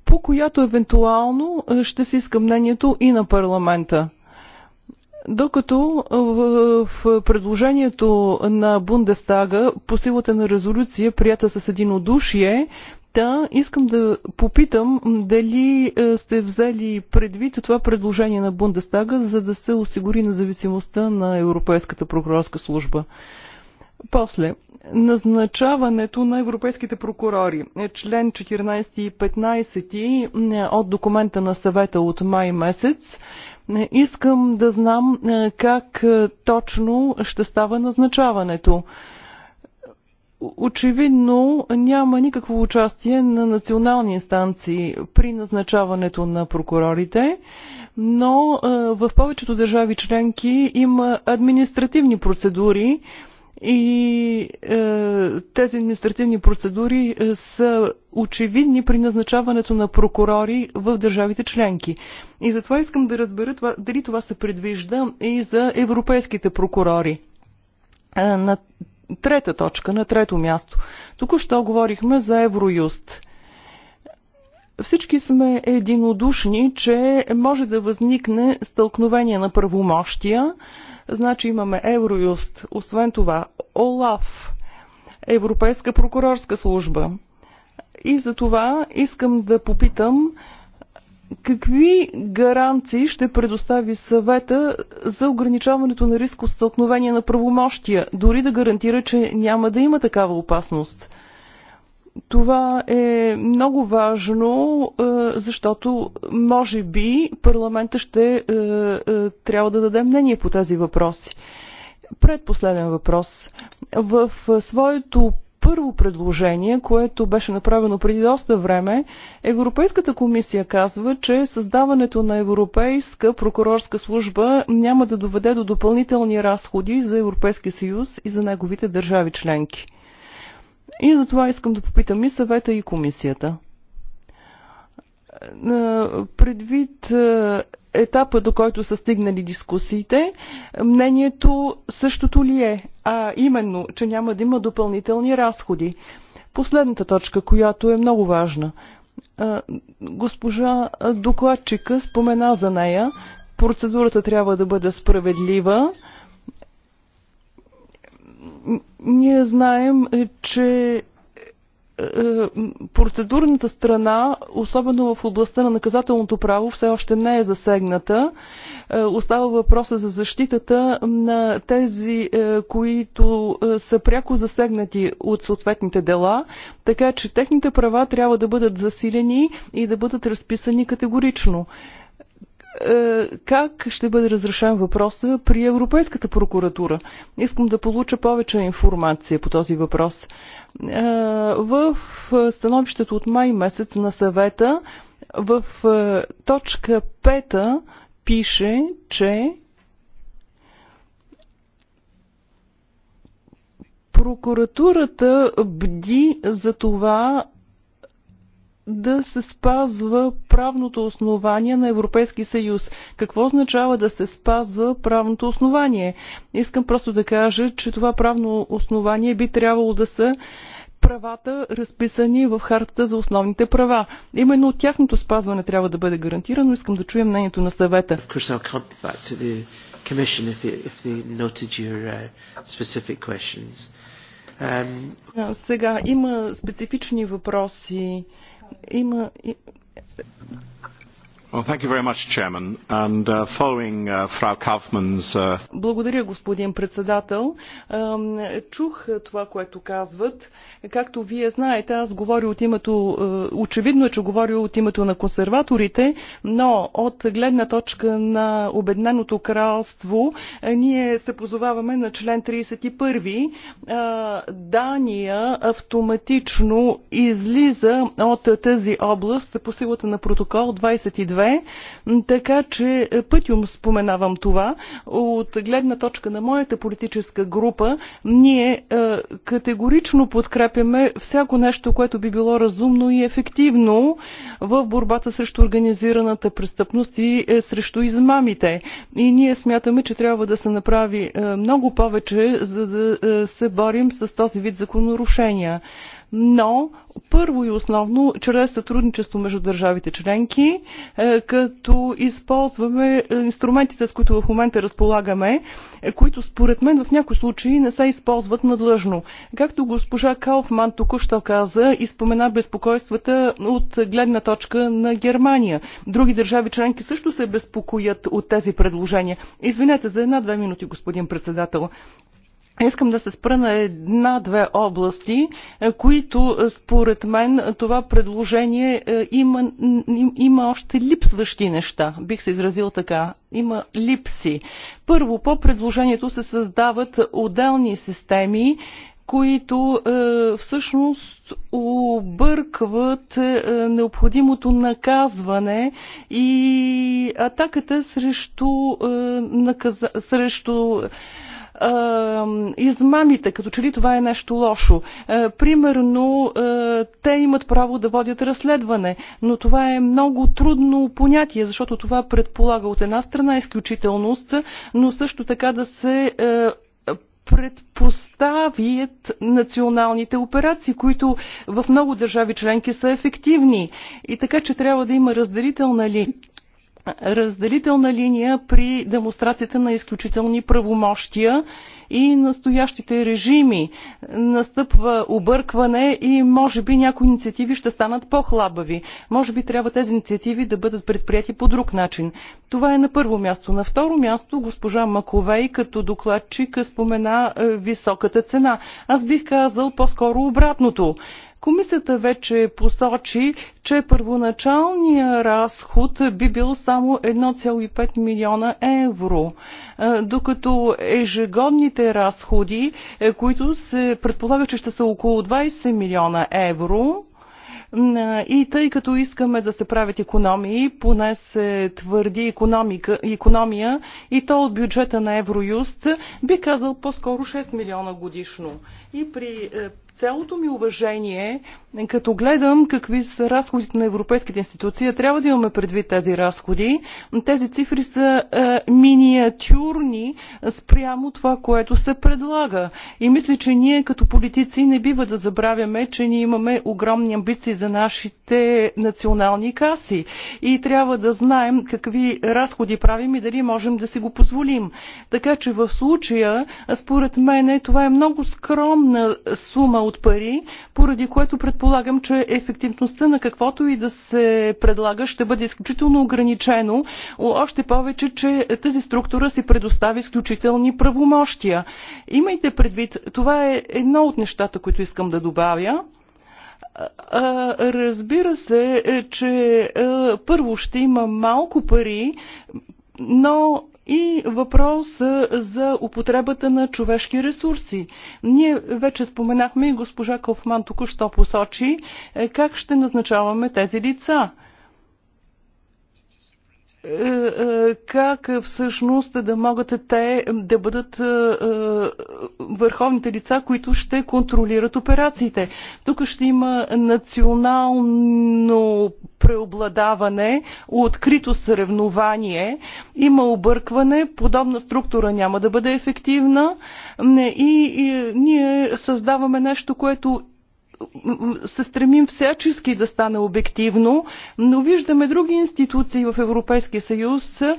по която евентуално ще се иска мнението и на парламента. Докато в предложението на Бундестага по силата на резолюция, прията с единодушие, Та искам да попитам дали е, сте взели предвид това предложение на Бундестага, за да се осигури независимостта на Европейската прокурорска служба. После, назначаването на европейските прокурори. Е, член 14 и 15 е, от документа на съвета от май месец. Искам да знам как точно ще става назначаването. Очевидно няма никакво участие на национални инстанции при назначаването на прокурорите, но е, в повечето държави членки има административни процедури и е, тези административни процедури е, са очевидни при назначаването на прокурори в държавите членки. И затова искам да разбера това, дали това се предвижда и за европейските прокурори. На трета точка, на трето място. Току-що говорихме за Евроюст. Всички сме единодушни, че може да възникне стълкновение на правомощия. Значи имаме Евроюст, освен това ОЛАФ, Европейска прокурорска служба. И за това искам да попитам Какви гаранции ще предостави съвета за ограничаването на риск от стълкновение на правомощия, дори да гарантира, че няма да има такава опасност? Това е много важно, е, защото може би парламента ще е, е, трябва да даде мнение по тези въпроси. Предпоследен въпрос. В своето първо предложение, което беше направено преди доста време, Европейската комисия казва, че създаването на Европейска прокурорска служба няма да доведе до допълнителни разходи за Европейския съюз и за неговите държави членки. И затова искам да попитам и съвета и комисията е, предвид е, етапа, до който са стигнали дискусиите, мнението същото ли е? А именно, че няма да има допълнителни разходи. Последната точка, която е много важна. Госпожа докладчика спомена за нея. Процедурата трябва да бъде справедлива ние знаем, е, че е, процедурната страна, особено в областта на наказателното право, все още не е засегната. Е, остава въпроса за защитата на тези, е, които са пряко засегнати от съответните дела, така че техните права трябва да бъдат засилени и да бъдат разписани категорично. Как ще бъде разрешен въпроса при Европейската прокуратура? Искам да получа повече информация по този въпрос. Е, в становището от май месец на съвета в е, точка 5 пише, че прокуратурата бди за това да се спазва правното основание на Европейски съюз. Какво означава да се спазва правното основание? Искам просто да кажа, че това правно основание би трябвало да са правата, разписани в хартата за основните права. Именно от тяхното спазване трябва да бъде гарантирано. Искам да чуя мнението на съвета. Uh, um, сега има специфични въпроси има Uh, uh, uh, Благодаря, господин председател. Чух това, което казват. Както вие знаете, аз говоря от името... Е, очевидно е, че говоря от името на консерваторите, но от гледна точка на Обедненото кралство, е, ние се позоваваме на член 31. Е, Дания автоматично излиза от тази област по силата на протокол 22 две. Така че е, пътюм споменавам това. От гледна точка на моята политическа група, ние е, категорично подкрепяме всяко нещо, което би било разумно и ефективно в борбата срещу организираната престъпност и е, срещу измамите. И ние смятаме, че трябва да се направи много повече, за да се борим с този вид законорушения но първо и основно чрез сътрудничество между държавите членки, е, като използваме е, инструментите, с които в момента разполагаме, е, които според мен в някои случаи не се използват надлъжно. Както госпожа Кауфман току-що каза и спомена безпокойствата от гледна точка на Германия. Други държави членки също се безпокоят от тези предложения. Извинете за една-две минути, господин председател. Искам да се спра на една-две области, е, които е, според мен това предложение е, има, има още липсващи неща. Бих се изразил така. Има липси. Първо, по предложението се създават отделни системи, които е, всъщност объркват е, необходимото наказване и атаката срещу, е, наказа... срещу измамите, като че ли това е нещо лошо. Е, примерно, е, те имат право да водят разследване, но това е много трудно понятие, защото това предполага от една страна изключителност, но също така да се е, предпоставят националните операции, които в много държави членки са ефективни. И така, че трябва да има разделителна ли разделителна линия при демонстрацията на изключителни правомощия и настоящите режими. Настъпва объркване и може би някои инициативи ще станат по-хлабави. Може би трябва тези инициативи да бъдат предприяти по друг начин. Това е на първо място. На второ място госпожа Маковей като докладчик спомена е, високата цена. Аз бих казал по-скоро обратното. Комисията вече посочи, че първоначалният разход би бил само 1,5 милиона евро, докато ежегодните разходи, е, които се предполага, че ще са около 20 милиона евро, и тъй като искаме да се правят економии, поне се твърди економика, економия и то от бюджета на Евроюст, би казал по-скоро 6 милиона годишно. И при е, цялото ми уважение, като гледам какви са разходите на европейските институции, трябва да имаме предвид тези разходи. Тези цифри са е, миниатюрни спрямо това, което се предлага. И мисля, че ние като политици не бива да забравяме, че ние имаме огромни амбиции за нашите национални каси. И трябва да знаем какви разходи правим и дали можем да си го позволим. Така че в случая, според мен, това е много скромна сума от пари, поради което предполагам, че ефективността на каквото и да се предлага ще бъде изключително ограничено, още повече, че тази структура си предостави изключителни правомощия. Имайте предвид, това е едно от нещата, които искам да добавя. Разбира се, е, че е, първо ще има малко пари, но и въпрос за употребата на човешки ресурси. Ние вече споменахме и госпожа Кофман току-що посочи е, как ще назначаваме тези лица. Е, е, как е, всъщност да могат те да бъдат върховните лица, които ще контролират операциите. Тук ще има национално преобладаване, открито съревнование, има объркване, подобна структура няма да бъде ефективна и, ние създаваме нещо, което се стремим всячески да стане обективно, но виждаме други институции в Европейския съюз, е,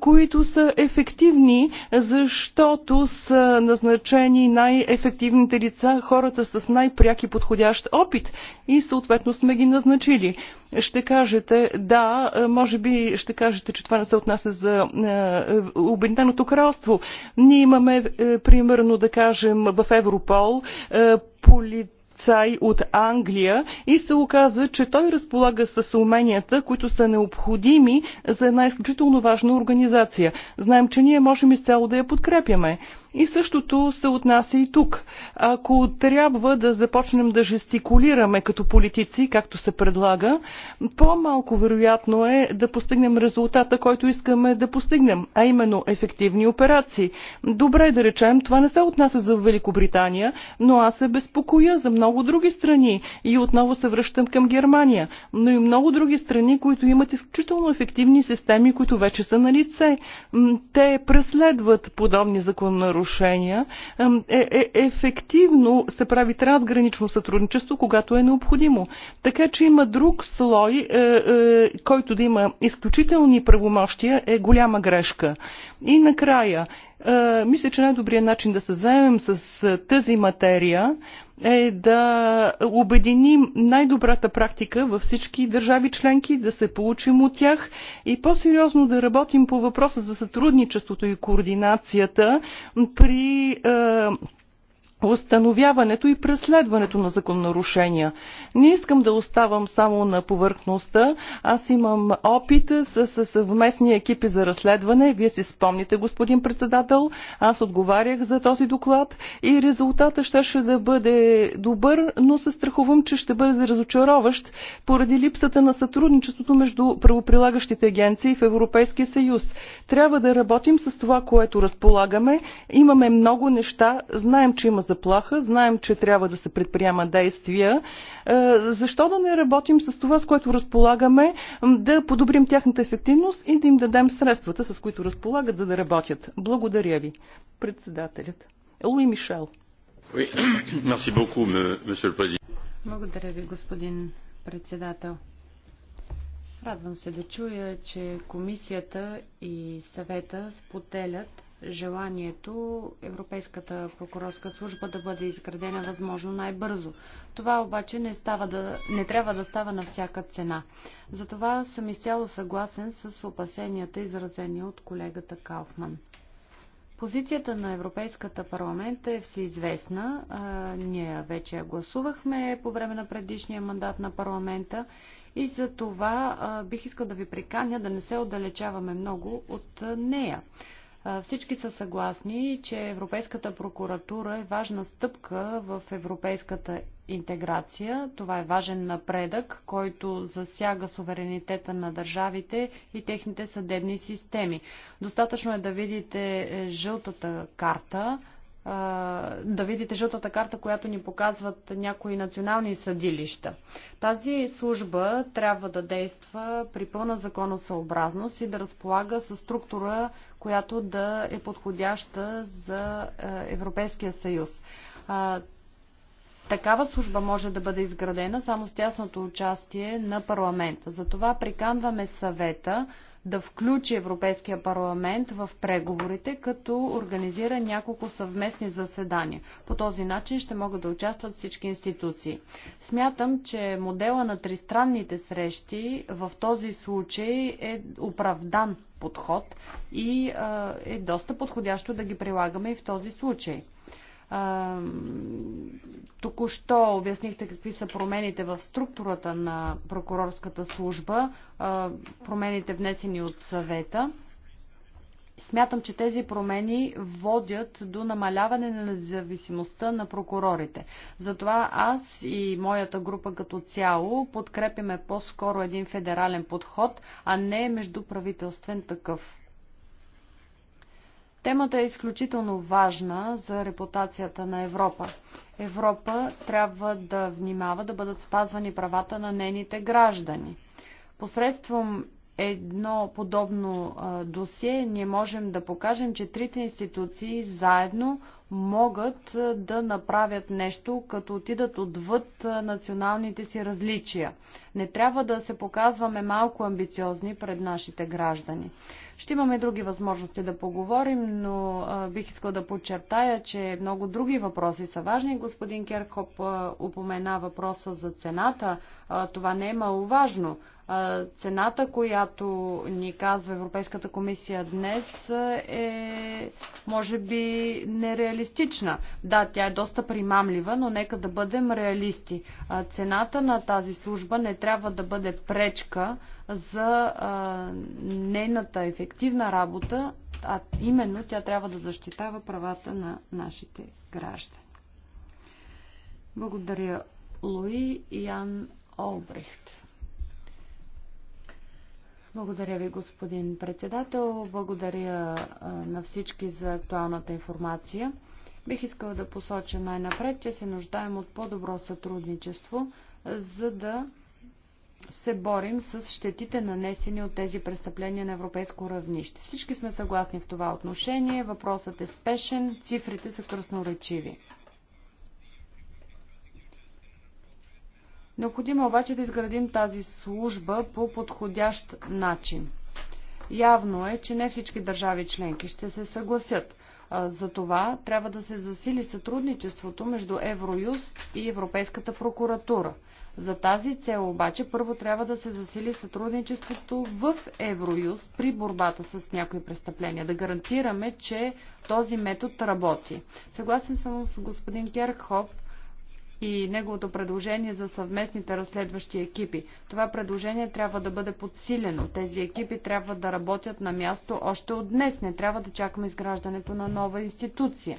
които са ефективни, защото са назначени най-ефективните лица, хората с най-пряк и подходящ опит и съответно сме ги назначили. Ще кажете, да, е, може би ще кажете, че това не се отнася за е, Обединеното кралство. Ние имаме, примерно, да кажем, в Европол полит полицай от Англия и се оказа, че той разполага с уменията, които са необходими за една изключително важна организация. Знаем, че ние можем изцяло да я подкрепяме. И същото се отнася и тук. Ако трябва да започнем да жестикулираме като политици, както се предлага, по-малко вероятно е да постигнем резултата, който искаме да постигнем, а именно ефективни операции. Добре е да речем, това не се отнася за Великобритания, но аз се безпокоя за много други страни и отново се връщам към Германия, но и много други страни, които имат изключително ефективни системи, които вече са на лице. Те преследват подобни закононарушения нарушения. Е, е, ефективно се прави трансгранично сътрудничество, когато е необходимо. Така че има друг слой, е, е, който да има изключителни правомощия, е голяма грешка. И накрая, е, мисля, че най-добрият начин да се заемем с тази материя е да обединим най-добрата практика във всички държави членки, да се получим от тях и по-сериозно да работим по въпроса за сътрудничеството и координацията при е, установяването и преследването на закононарушения. Не искам да оставам само на повърхността. Аз имам опит с, съвместни екипи за разследване. Вие си спомните, господин председател. Аз отговарях за този доклад и резултата щеше да бъде добър, но се страхувам, че ще бъде разочароващ поради липсата на сътрудничеството между правоприлагащите агенции в Европейския съюз. Трябва да работим с това, което разполагаме. Имаме много неща. Знаем, че има заплаха. Знаем, че трябва да се предприема действия. Е, защо да не работим с това, с което разполагаме, да подобрим тяхната ефективност и да им дадем средствата, с които разполагат, за да работят? Благодаря ви, председателят. Луи Мишел. Благодаря ви, господин председател. Радвам се да чуя, че комисията и съвета споделят желанието Европейската прокурорска служба да бъде изградена възможно най-бързо. Това обаче не, става да, не трябва да става на всяка цена. Затова съм изцяло съгласен с опасенията, изразени от колегата Кауфман. Позицията на Европейската парламент е всеизвестна. А, ние вече я гласувахме по време на предишния мандат на парламента и за това а, бих искал да ви приканя да не се отдалечаваме много от нея. Всички са съгласни, че Европейската прокуратура е важна стъпка в европейската интеграция. Това е важен напредък, който засяга суверенитета на държавите и техните съдебни системи. Достатъчно е да видите е, жълтата карта да видите жълтата карта, която ни показват някои национални съдилища. Тази служба трябва да действа при пълна законосъобразност и да разполага с структура, която да е подходяща за Европейския съюз Такава служба може да бъде изградена само с тясното участие на парламента. Затова приканваме съвета да включи Европейския парламент в преговорите, като организира няколко съвместни заседания. По този начин ще могат да участват всички институции. Смятам, че модела на тристранните срещи в този случай е оправдан подход и е доста подходящо да ги прилагаме и в този случай. Току-що обяснихте какви са промените в структурата на прокурорската служба, промените внесени от съвета. Смятам, че тези промени водят до намаляване на независимостта на прокурорите. Затова аз и моята група като цяло подкрепиме по-скоро един федерален подход, а не междуправителствен такъв. Темата е изключително важна за репутацията на Европа. Европа трябва да внимава да бъдат спазвани правата на нейните граждани. Посредством едно подобно досие ние можем да покажем, че трите институции заедно могат да направят нещо, като отидат отвъд националните си различия. Не трябва да се показваме малко амбициозни пред нашите граждани. Ще имаме други възможности да поговорим, но бих искал да подчертая, че много други въпроси са важни. Господин Керкоп упомена въпроса за цената. това не е маловажно. цената, която ни казва Европейската комисия днес е, може би, нереалистична реалистична. Да, тя е доста примамлива, но нека да бъдем реалисти. Цената на тази служба не трябва да бъде пречка за нейната ефективна работа, а именно тя трябва да защитава правата на нашите граждани. Благодаря, Луи Ян Олбрехт. Благодаря ви, господин председател. Благодаря на всички за актуалната информация. Бих искала да посоча най-напред, че се нуждаем от по-добро сътрудничество, за да се борим с щетите нанесени от тези престъпления на европейско равнище. Всички сме съгласни в това отношение. Въпросът е спешен, цифрите са кръсноречиви. Необходимо е обаче да изградим тази служба по подходящ начин. Явно е, че не всички държави членки ще се съгласят. За това трябва да се засили сътрудничеството между Евроюз и Европейската прокуратура. За тази цел обаче първо трябва да се засили сътрудничеството в Евроюз при борбата с някои престъпления. Да гарантираме, че този метод работи. Съгласен съм с господин Керкхоп, и неговото предложение за съвместните разследващи екипи. Това предложение трябва да бъде подсилено. Тези екипи трябва да работят на място още от днес. Не трябва да чакаме изграждането на нова институция.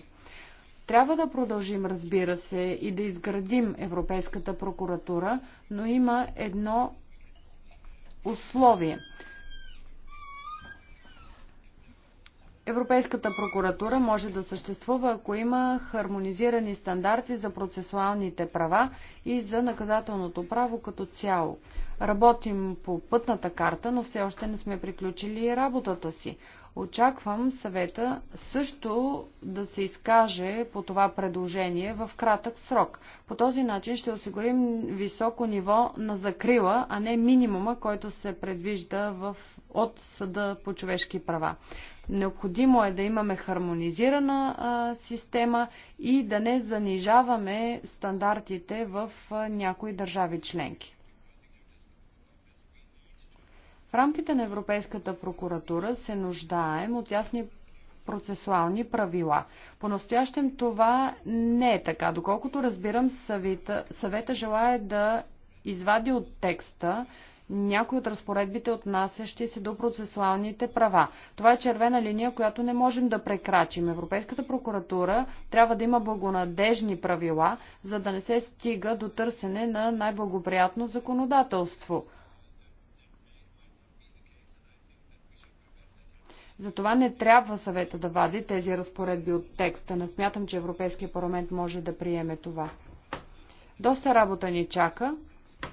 Трябва да продължим, разбира се, и да изградим Европейската прокуратура, но има едно условие – Европейската прокуратура може да съществува, ако има хармонизирани стандарти за процесуалните права и за наказателното право като цяло. Работим по пътната карта, но все още не сме приключили работата си. Очаквам съвета също да се изкаже по това предложение в кратък срок. По този начин ще осигурим високо ниво на закрила, а не минимума, който се предвижда в от Съда по човешки права. Необходимо е да имаме хармонизирана а, система и да не занижаваме стандартите в а, някои държави членки. В рамките на Европейската прокуратура се нуждаем от ясни процесуални правила. По-настоящем това не е така. Доколкото разбирам, съвета, съвета желая да извади от текста някои от разпоредбите, отнасящи се до процесуалните права. Това е червена линия, която не можем да прекрачим. Европейската прокуратура трябва да има благонадежни правила, за да не се стига до търсене на най-благоприятно законодателство. Затова не трябва съвета да вади тези разпоредби от текста. Не смятам, че Европейския парламент може да приеме това. Доста работа ни чака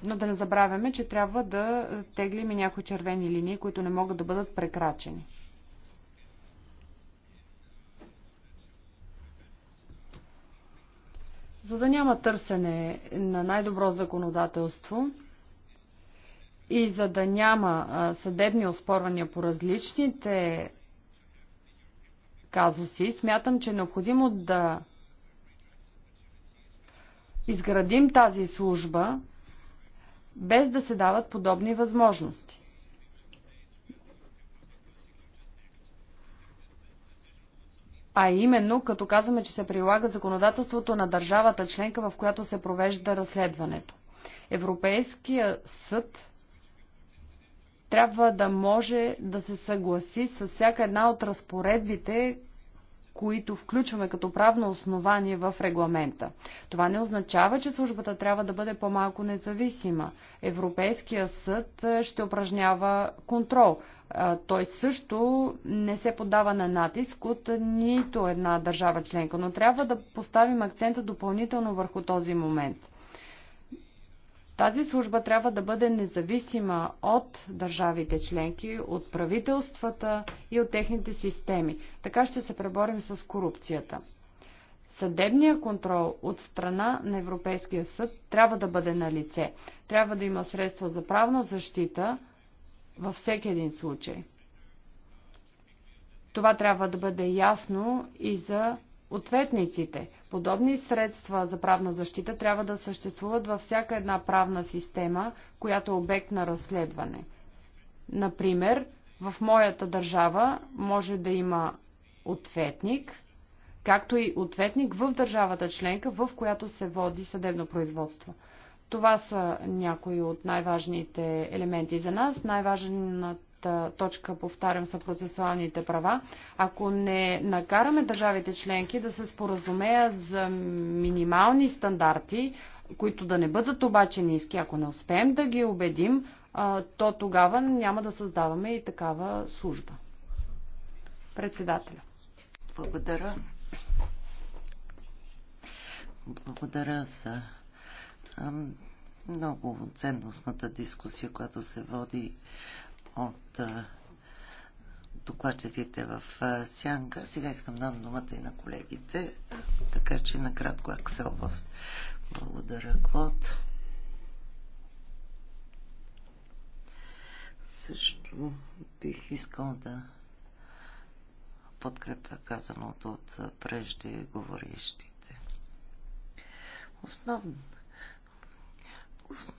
но да не забравяме, че трябва да теглим и някои червени линии, които не могат да бъдат прекрачени. За да няма търсене на най-добро законодателство и за да няма съдебни оспорвания по различните казуси, смятам, че е необходимо да изградим тази служба, без да се дават подобни възможности. А именно, като казваме, че се прилага законодателството на държавата членка, в която се провежда разследването. Европейския съд трябва да може да се съгласи с всяка една от разпоредбите, които включваме като правно основание в регламента. Това не означава, че службата трябва да бъде по-малко независима. Европейския съд е, ще упражнява контрол. Той също не се подава на натиск от нито една държава членка, но трябва да поставим акцента допълнително върху този момент. Тази служба трябва да бъде независима от държавите членки, от правителствата и от техните системи. Така ще се преборим с корупцията. Съдебният контрол от страна на Европейския съд трябва да бъде на лице. Трябва да има средства за правна защита във всеки един случай. Това трябва да бъде ясно и за ответниците. Подобни средства за правна защита трябва да съществуват във всяка една правна система, която е обект на разследване. Например, в моята държава може да има ответник, както и ответник в държавата членка, в която се води съдебно производство. Това са някои от най-важните елементи за нас. Най-важната точка, повтарям, са процесуалните права. Ако не накараме държавите членки да се споразумеят за минимални стандарти, които да не бъдат обаче ниски, ако не успеем да ги убедим, то тогава няма да създаваме и такава служба. Председателя. Благодаря. Благодаря за много ценностната дискусия, която се води от докладчетите в Сянка. Сега искам да дам думата и на колегите, така че накратко Аксел Вост. Благодаря, Клод. Също бих искал да подкрепя казаното от преждеговорещите. Основно,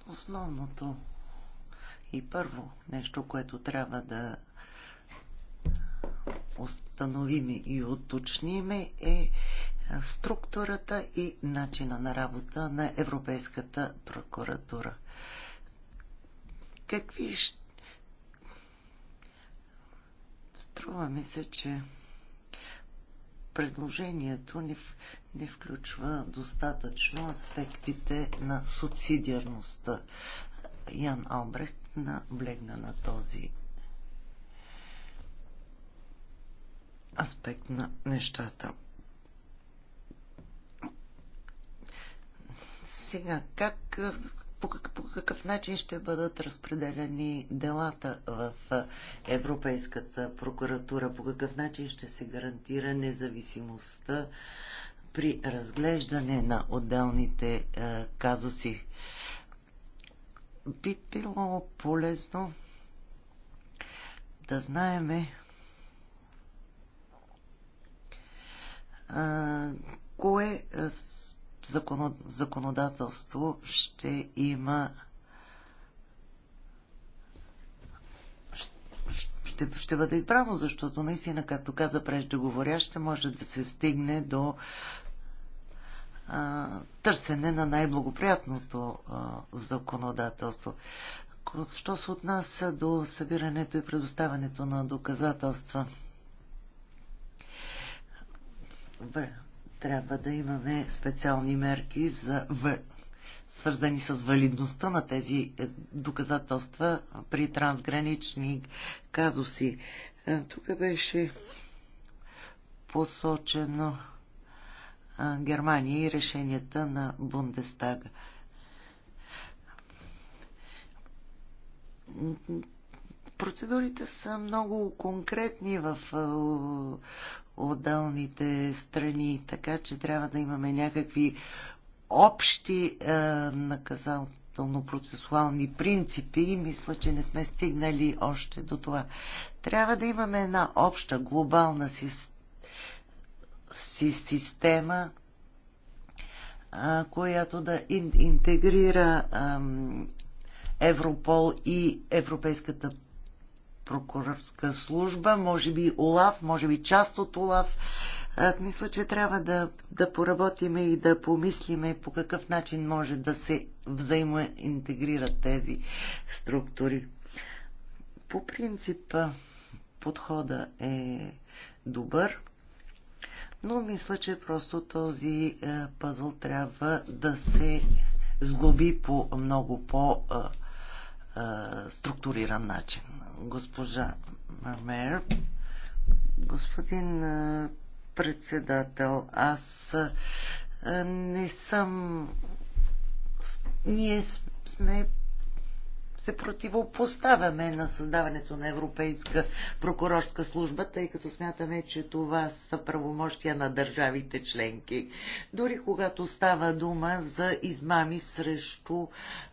основното и първо нещо, което трябва да установим и уточним е структурата и начина на работа на Европейската прокуратура. Какви ще... Струва ми се, че предложението не, не включва достатъчно аспектите на субсидиарността. Ян Албрехт на наблегна на този аспект на нещата. Сега, как, по, по какъв начин ще бъдат разпределени делата в Европейската прокуратура? По какъв начин ще се гарантира независимостта при разглеждане на отделните е, казуси? би било полезно да знаеме кое законодателство ще има ще, ще бъде избрано, защото наистина, както каза ще може да се стигне до търсене на най-благоприятното законодателство. Що се отнася до събирането и предоставянето на доказателства? В. Трябва да имаме специални мерки за В свързани с валидността на тези е, доказателства при трансгранични казуси. Е, тук беше посочено Германия и решенията на Бундестага. Процедурите са много конкретни в отделните страни, така че трябва да имаме някакви общи наказателно-процесуални принципи и мисля, че не сме стигнали още до това. Трябва да имаме една обща глобална система си система, а, която да ин, интегрира ам, Европол и Европейската прокурорска служба, може би ОЛАВ, може би част от ОЛАВ. мисля, че трябва да, да поработиме и да помислиме по какъв начин може да се взаимоинтегрират тези структури. По принцип подхода е добър но мисля, че просто този е, пъзъл трябва да се сглоби по много по- е, е, структуриран начин. Госпожа Мер, господин председател, аз не съм. Ние сме се противопоставяме на създаването на Европейска прокурорска служба, тъй като смятаме, че това са правомощия на държавите членки. Дори когато става дума за измами срещу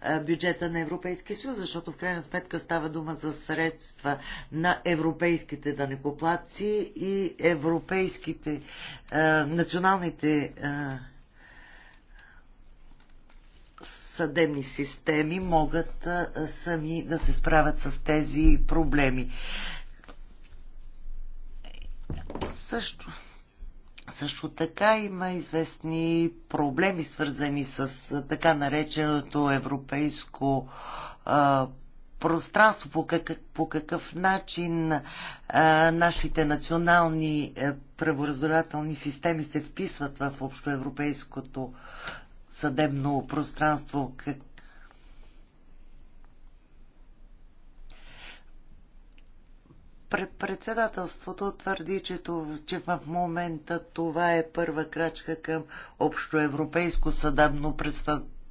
е, бюджета на Европейския съюз, защото в крайна сметка става дума за средства на европейските данекоплаци и европейските, е, националните е, съдебни системи могат сами да се справят с тези проблеми. Също. Също така има известни проблеми, свързани с така нареченото европейско а, пространство, по какъв, по какъв начин а, нашите национални а, правораздавателни системи се вписват в общоевропейското съдебно пространство. Как... Председателството твърди, че, че в момента това е първа крачка към общоевропейско съдебно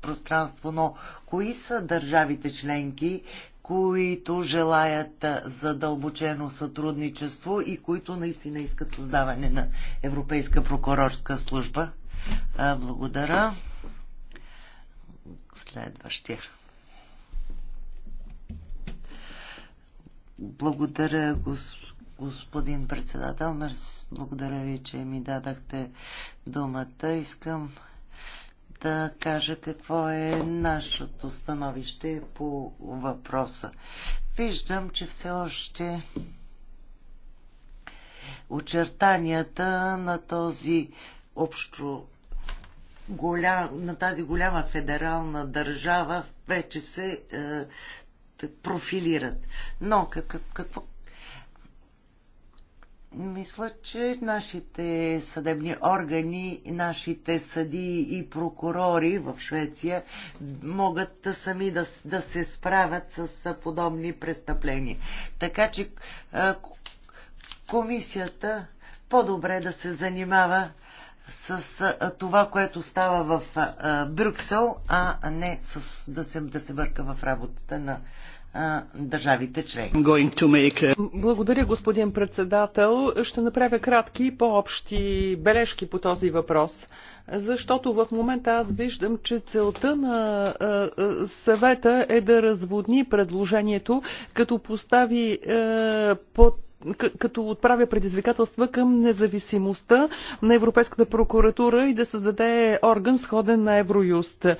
пространство, но кои са държавите членки, които желаят задълбочено сътрудничество и които наистина искат създаване на Европейска прокурорска служба? Благодаря следващия. Благодаря, господин господин председател. Мерс, благодаря ви, че ми дадахте думата. Искам да кажа какво е нашето становище по въпроса. Виждам, че все още очертанията на този общо голям, на тази голяма федерална държава вече се е, профилират. Но как, какво? Мисля, че нашите съдебни органи, нашите съдии и прокурори в Швеция могат сами да, да се справят с подобни престъпления. Така че е, комисията по-добре да се занимава с това, което става в Брюксел, а не с, да, се, да се бърка в работата на държавите членки. A... Благодаря, господин председател. Ще направя кратки и по-общи бележки по този въпрос. Защото в момента аз виждам, че целта на съвета е да разводни предложението, като постави под като отправя предизвикателства към независимостта на Европейската прокуратура и да създаде орган сходен на Евроюст. Е,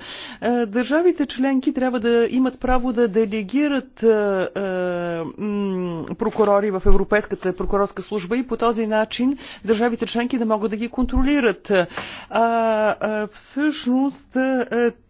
държавите членки трябва да имат право да делегират е, е, прокурори в Европейската прокурорска служба и по този начин държавите членки да могат да ги контролират. всъщност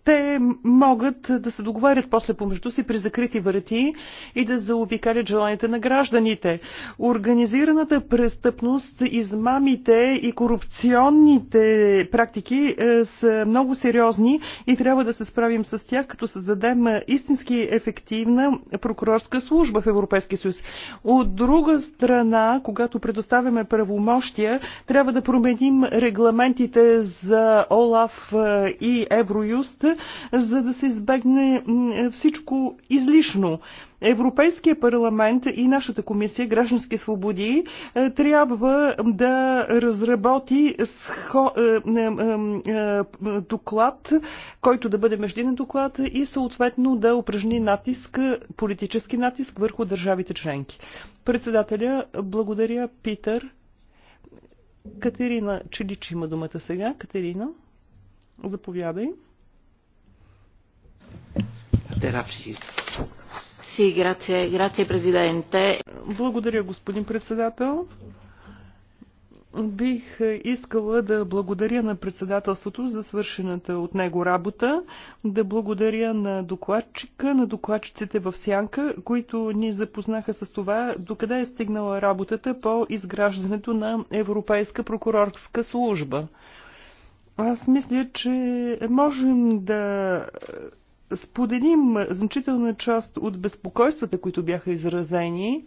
те могат да се договарят после помежду си при закрити врати и да заобикалят желаните на гражданите. Организираната престъпност, измамите и корупционните практики е, са много сериозни и трябва да се справим с тях, като създадем истински ефективна прокурорска служба в Европейския съюз. От друга страна, когато предоставяме правомощия, трябва да променим регламентите за ОЛАФ е, и Евроюст, за да се избегне всичко излишно. Европейския парламент и нашата комисия Граждански свободи е, трябва да разработи е, е, доклад, който да бъде междинен доклад и съответно да упражни натиск, политически натиск върху държавите членки. Председателя, благодаря, Питър. Катерина Челич има думата сега. Катерина, заповядай. Благодаря, господин председател. Бих искала да благодаря на председателството за свършената от него работа, да благодаря на докладчика, на докладчиците в Сянка, които ни запознаха с това, докъде е стигнала работата по изграждането на Европейска прокурорска служба. Аз мисля, че можем да споделим значителна част от безпокойствата, които бяха изразени,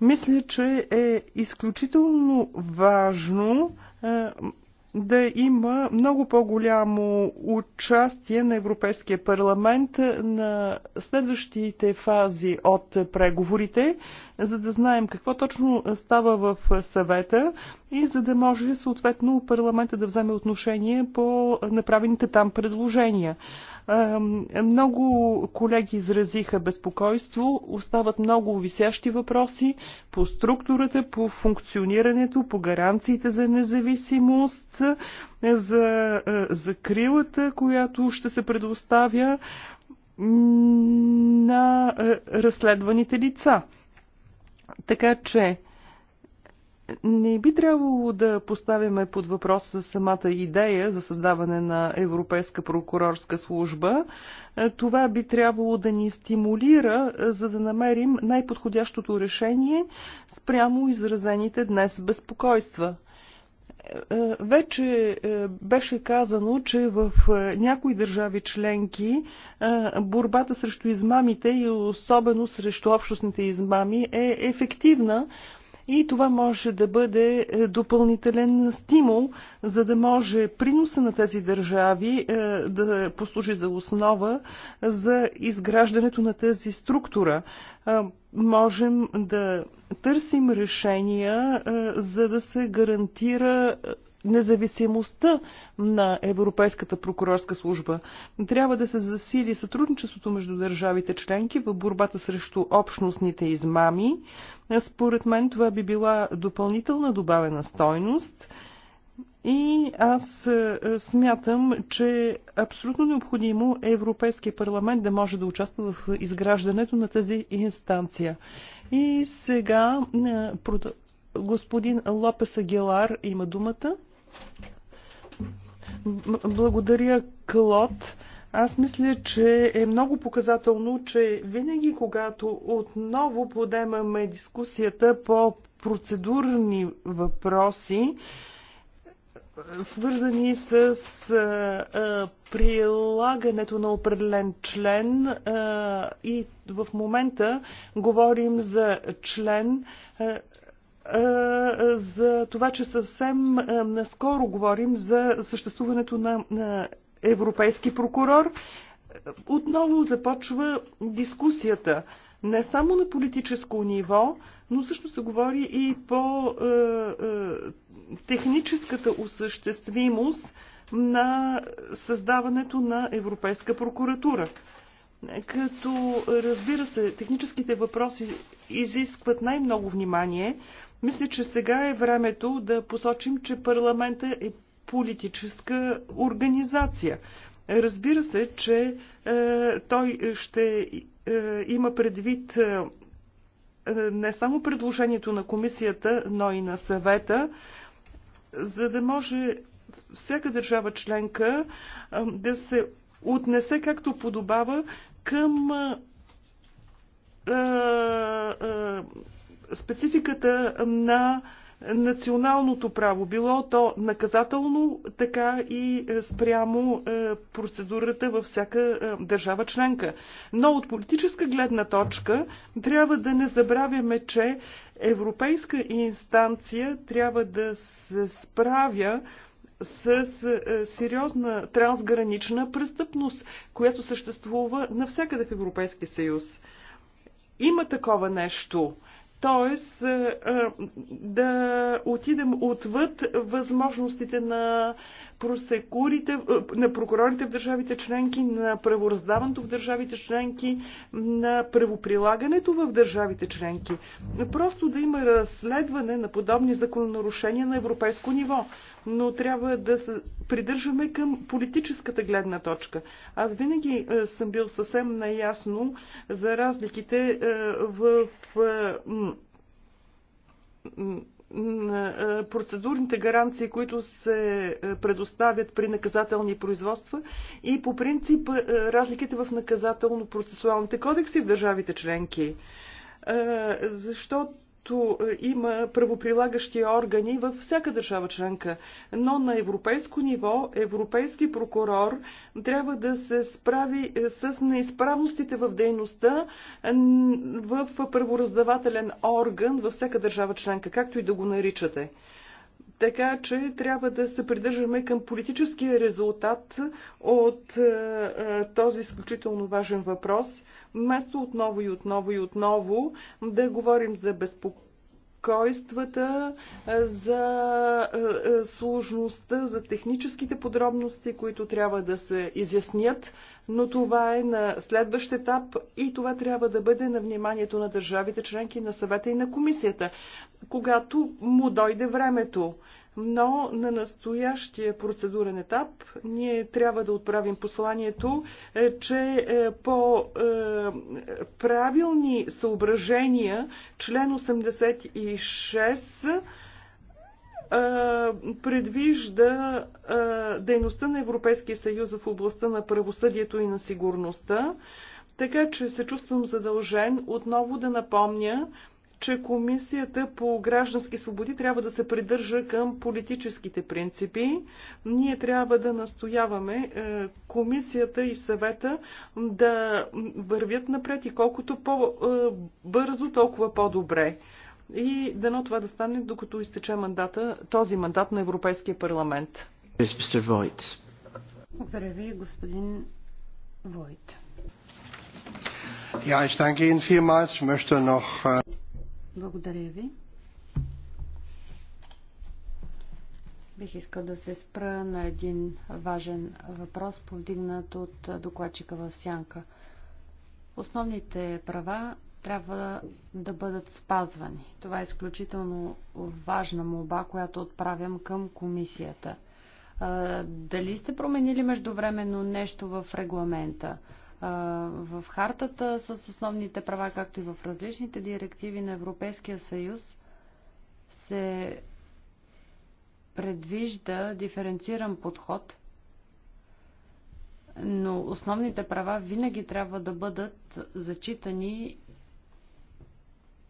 мисля, че е изключително важно е, да има много по-голямо участие на Европейския парламент на следващите фази от преговорите, за да знаем какво точно става в съвета и за да може съответно парламента да вземе отношение по направените там предложения. Много колеги изразиха безпокойство. Остават много висящи въпроси по структурата, по функционирането, по гаранциите за независимост, за закрилата, която ще се предоставя на разследваните лица. Така че не би трябвало да поставяме под въпрос самата идея за създаване на Европейска прокурорска служба. Е, това би трябвало да ни стимулира, е, за да намерим най-подходящото решение спрямо изразените днес безпокойства. Е, вече беше казано, че в някои държави членки борбата срещу измамите и особено срещу общностните измами е ефективна, и това може да бъде е, допълнителен стимул, за да може приноса на тези държави е, да послужи за основа за изграждането на тази структура. Е, можем да търсим решения, за да се гарантира независимостта на Европейската прокурорска служба. Трябва да се засили сътрудничеството между държавите членки в борбата срещу общностните измами. Според мен това би била допълнителна добавена стойност. И аз е, смятам, че е абсолютно необходимо Европейския парламент да може да участва в изграждането на тази инстанция. И сега е, господин Лопес Агелар има думата. Благодаря, Клод. Аз мисля, че е много показателно, че винаги, когато отново подемаме дискусията по процедурни въпроси, свързани с а, прилагането на определен член а, и в момента говорим за член, а, за това, че съвсем наскоро говорим за съществуването на, европейски прокурор. Отново започва дискусията не само на политическо ниво, но също се говори и по е, е, техническата осъществимост на създаването на Европейска прокуратура. Като, разбира се, техническите въпроси изискват най-много внимание, мисля, че сега е времето да посочим, че парламента е политическа организация. Разбира се, че е, той ще е, има предвид е, не само предложението на комисията, но и на съвета, за да може всяка държава членка е, да се отнесе както подобава към е, е, спецификата на националното право, било то наказателно, така и е, спрямо е, процедурата във всяка е, държава членка. Но от политическа гледна точка трябва да не забравяме, че европейска инстанция трябва да се справя с сериозна трансгранична престъпност, която съществува навсякъде в Европейския съюз. Има такова нещо т.е. Е, да отидем отвъд възможностите на просекурите, е, на прокурорите в държавите членки, на правораздаването в държавите членки, на правоприлагането в държавите членки. Просто да има разследване на подобни закононарушения на европейско ниво но трябва да се придържаме към политическата гледна точка. Аз винаги е, съм бил съвсем наясно за разликите е, в е, процедурните гаранции, които се предоставят при наказателни производства и по принцип разликите в наказателно-процесуалните кодекси в държавите членки. Защото които е, има правоприлагащи органи във всяка държава членка. Но на европейско ниво европейски прокурор трябва да се справи е, с неизправностите в дейността в правораздавателен орган във всяка държава членка, както и да го наричате. Така че трябва да се придържаме към политическия резултат от е, е, този изключително важен въпрос, вместо отново и отново и отново да говорим за безпокойство безпокойствата, за сложността, за техническите подробности, които трябва да се изяснят, но това е на следващ етап и това трябва да бъде на вниманието на държавите членки, на съвета и на комисията, когато му дойде времето но на настоящия процедурен етап ние трябва да отправим посланието, е, че е, по е, правилни съображения член 86 предвижда дейността на Европейския съюз в областта на правосъдието и на сигурността. Така че се чувствам задължен отново да напомня, че Комисията по граждански свободи трябва да се придържа към политическите принципи. Ние трябва да настояваме е, Комисията и съвета да вървят напред и колкото по-бързо, толкова по-добре. И дано това да стане, докато изтече мандата, този мандат на Европейския парламент. Благодаря ви, господин Войт. Ja, ich danke Ihnen vielmals. Ich möchte noch äh, благодаря ви. Бих искал да се спра на един важен въпрос, повдигнат от докладчика в Сянка. Основните права трябва да бъдат спазвани. Това е изключително важна молба, която отправям към комисията. Дали сте променили междувременно нещо в регламента? в хартата с основните права, както и в различните директиви на Европейския съюз, се предвижда диференциран подход, но основните права винаги трябва да бъдат зачитани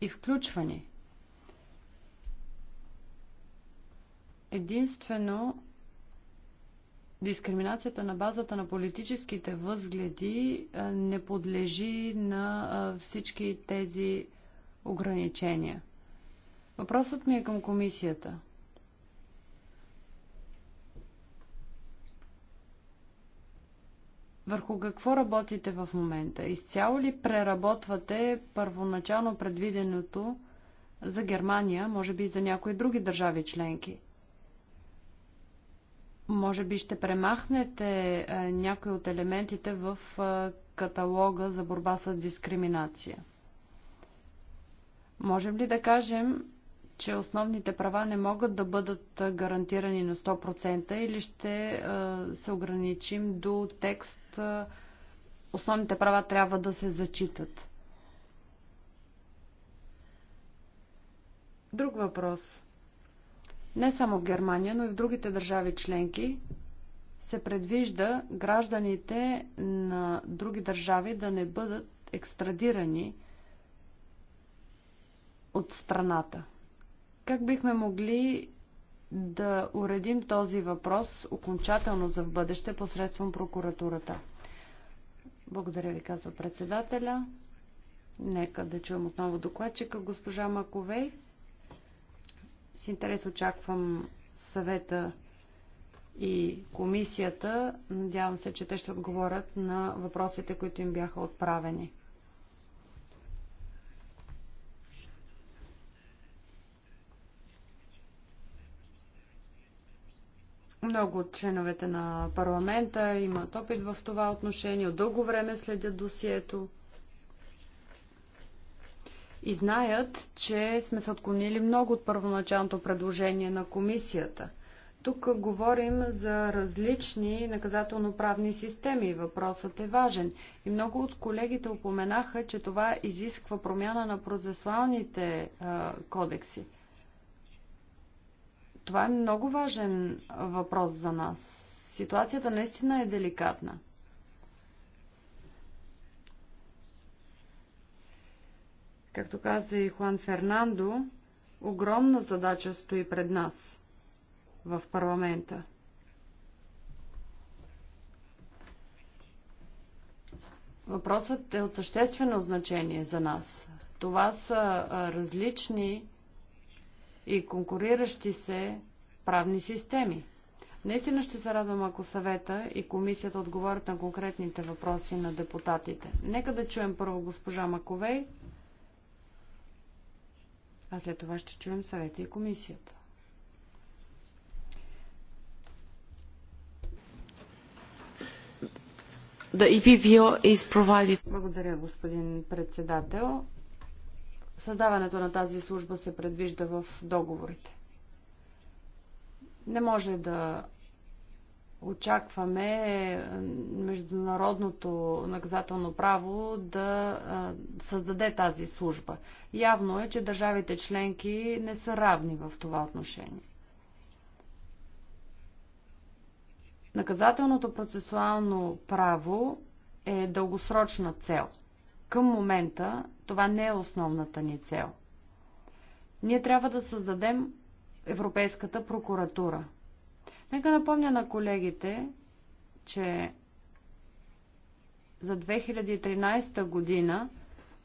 и включвани. Единствено дискриминацията на базата на политическите възгледи не подлежи на всички тези ограничения. Въпросът ми е към комисията. Върху какво работите в момента? Изцяло ли преработвате първоначално предвиденото за Германия, може би и за някои други държави членки? Може би ще премахнете е, някои от елементите в е, каталога за борба с дискриминация. Можем ли да кажем, че основните права не могат да бъдат е, гарантирани на 100% или ще се ограничим до текст основните права трябва да се зачитат? Друг въпрос – не само в Германия, но и в другите държави членки се предвижда гражданите на други държави да не бъдат екстрадирани от страната. Как бихме могли да уредим този въпрос окончателно за в бъдеще посредством прокуратурата? Благодаря ви, казва председателя. Нека да чуем отново докладчика госпожа Маковей. С интерес очаквам съвета и комисията. Надявам се, че те ще отговорят на въпросите, които им бяха отправени. Много от членовете на парламента имат опит в това отношение. От дълго време следят досието и знаят, че сме се отклонили много от първоначалното предложение на комисията. Тук говорим за различни наказателно-правни системи. Въпросът е важен. И много от колегите упоменаха, че това изисква промяна на процесуалните а, кодекси. Това е много важен въпрос за нас. Ситуацията наистина е деликатна. Както каза и Хуан Фернандо, огромна задача стои пред нас в парламента. Въпросът е от съществено значение за нас. Това са различни и конкуриращи се правни системи. Наистина ще се радвам, ако съвета и комисията отговорят на конкретните въпроси на депутатите. Нека да чуем първо госпожа Маковей а след това ще чуем съвета и комисията. The EPPO is provided. Благодаря, господин председател. Създаването на тази служба се предвижда в договорите. Не може да очакваме е, международното наказателно право да е, създаде тази служба. Явно е, че държавите членки не са равни в това отношение. Наказателното процесуално право е дългосрочна цел. Към момента това не е основната ни цел. Ние трябва да създадем Европейската прокуратура – Нека напомня на колегите, че за 2013 година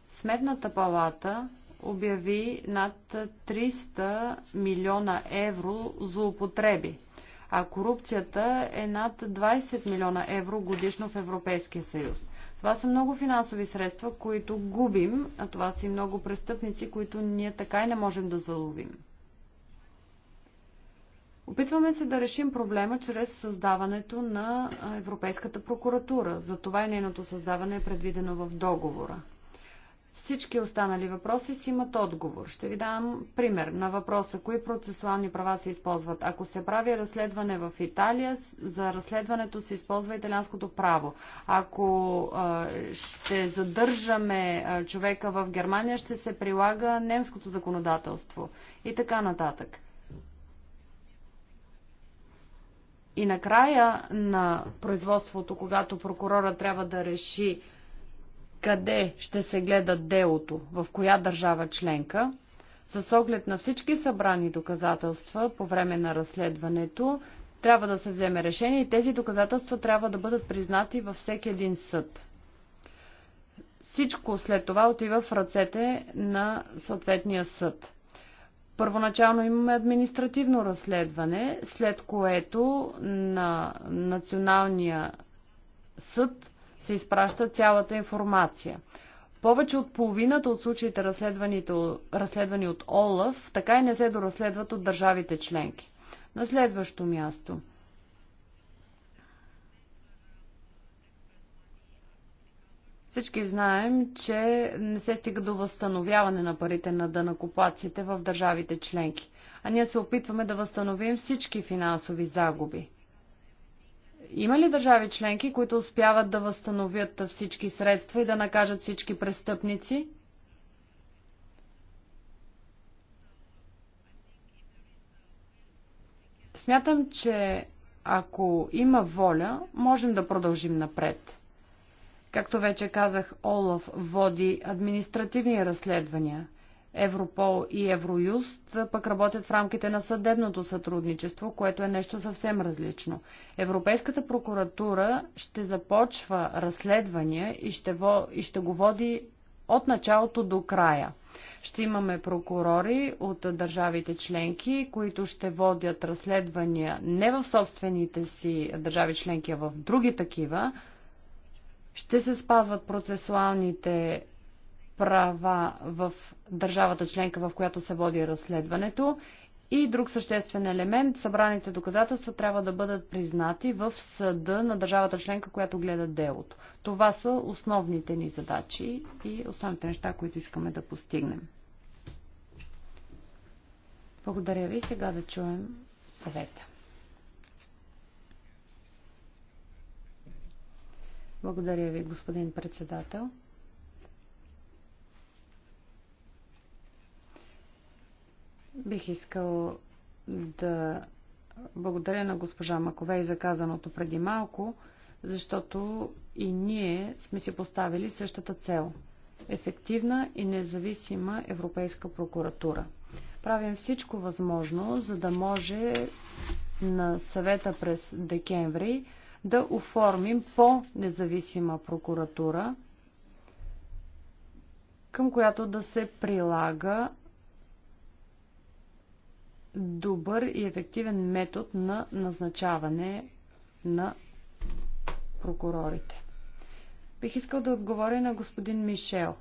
Сметната палата обяви над 300 милиона евро злоупотреби, а корупцията е над 20 милиона евро годишно в Европейския съюз. Това са много финансови средства, които губим, а това са и много престъпници, които ние така и не можем да заловим. Опитваме се да решим проблема чрез създаването на Европейската прокуратура. За това и нейното създаване е предвидено в договора. Всички останали въпроси си имат отговор. Ще ви дам пример на въпроса, кои процесуални права се използват. Ако се прави разследване в Италия, за разследването се използва италианското право. Ако а, ще задържаме а, човека в Германия, ще се прилага немското законодателство и така нататък. И накрая на производството, когато прокурора трябва да реши къде ще се гледа делото, в коя държава членка, с оглед на всички събрани доказателства по време на разследването, трябва да се вземе решение и тези доказателства трябва да бъдат признати във всеки един съд. Всичко след това отива в ръцете на съответния съд. Първоначално имаме административно разследване, след което на Националния съд се изпраща цялата информация. Повече от половината от случаите разследвани от ОЛАФ така и не се доразследват от държавите членки. На следващо място – Всички знаем, че не се стига до възстановяване на парите на дънакоплаците в държавите членки, а ние се опитваме да възстановим всички финансови загуби. Има ли държави членки, които успяват да възстановят всички средства и да накажат всички престъпници? Смятам, че ако има воля, можем да продължим напред. Както вече казах, Олаф води административни разследвания. Европол и Евроюст пък работят в рамките на съдебното сътрудничество, което е нещо съвсем различно. Европейската прокуратура ще започва разследвания и ще, во, и ще го води от началото до края. Ще имаме прокурори от държавите членки, които ще водят разследвания не в собствените си държави членки, а в други такива, ще се спазват процесуалните права в държавата членка, в която се води разследването. И друг съществен елемент събраните доказателства трябва да бъдат признати в съда на държавата членка, която гледа делото. Това са основните ни задачи и основните неща, които искаме да постигнем. Благодаря ви. Сега да чуем съвета. Благодаря ви, господин председател. Бих искал да благодаря на госпожа Маковей за казаното преди малко, защото и ние сме си поставили същата цел – ефективна и независима Европейска прокуратура. Правим всичко възможно, за да може на съвета през декември да оформим по-независима прокуратура, към която да се прилага добър и ефективен метод на назначаване на прокурорите. Бих искал да отговоря на господин Мишел,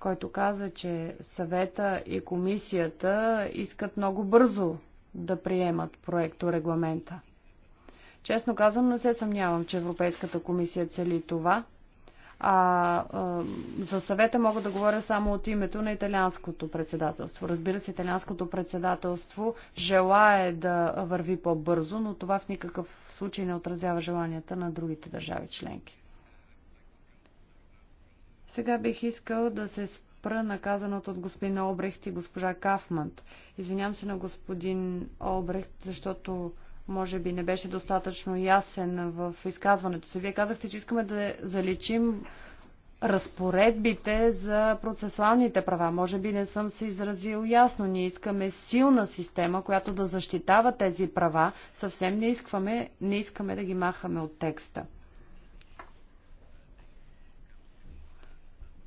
който каза, че съвета и комисията искат много бързо да приемат проекто регламента. Честно казвам, не се съмнявам, че Европейската комисия цели това. А, а за съвета мога да говоря само от името на италианското председателство. Разбира се, италианското председателство желае да върви по-бързо, но това в никакъв случай не отразява желанията на другите държави членки. Сега бих искал да се спра спра наказаното от господин Обрехт и госпожа Кафмант. Извинявам се на господин Обрехт, защото може би не беше достатъчно ясен в изказването си. Вие казахте, че искаме да заличим разпоредбите за процесуалните права. Може би не съм се изразил ясно. Ние искаме силна система, която да защитава тези права. Съвсем не искаме, не искаме да ги махаме от текста.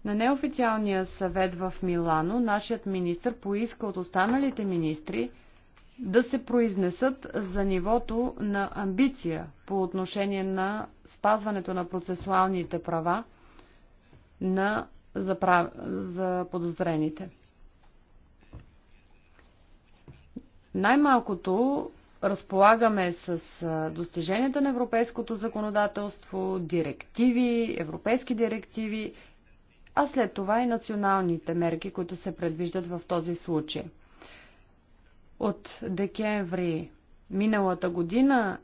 На неофициалния съвет в Милано нашият министр поиска от останалите министри да се произнесат за нивото на амбиция по отношение на спазването на процесуалните права на заправ... за подозрените. Най-малкото разполагаме с достиженията на европейското законодателство, директиви, европейски директиви а след това и националните мерки, които се предвиждат в този случай. От декември миналата година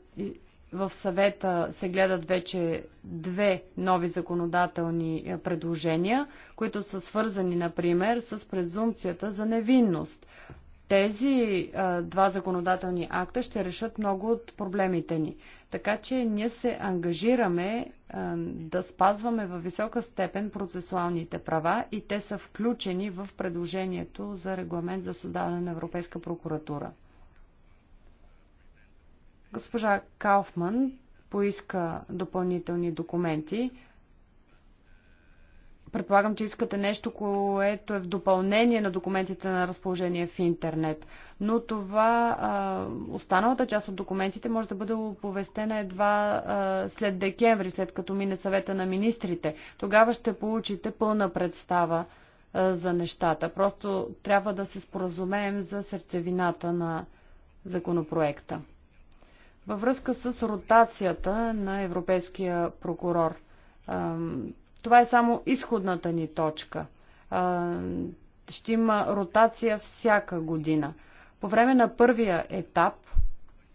в съвета се гледат вече две нови законодателни е, предложения, които са свързани, например, с презумпцията за невинност. Тези а, два законодателни акта ще решат много от проблемите ни. Така че ние се ангажираме а, да спазваме във висока степен процесуалните права и те са включени в предложението за регламент за създаване на Европейска прокуратура. Госпожа Кауфман поиска допълнителни документи. Предполагам, че искате нещо, което е в допълнение на документите на разположение в интернет. Но това, а, останалата част от документите може да бъде оповестена едва а, след декември, след като мине съвета на министрите. Тогава ще получите пълна представа а, за нещата. Просто трябва да се споразумеем за сърцевината на законопроекта. Във връзка с ротацията на европейския прокурор това е само изходната ни точка. Ще има ротация всяка година. По време на първия етап,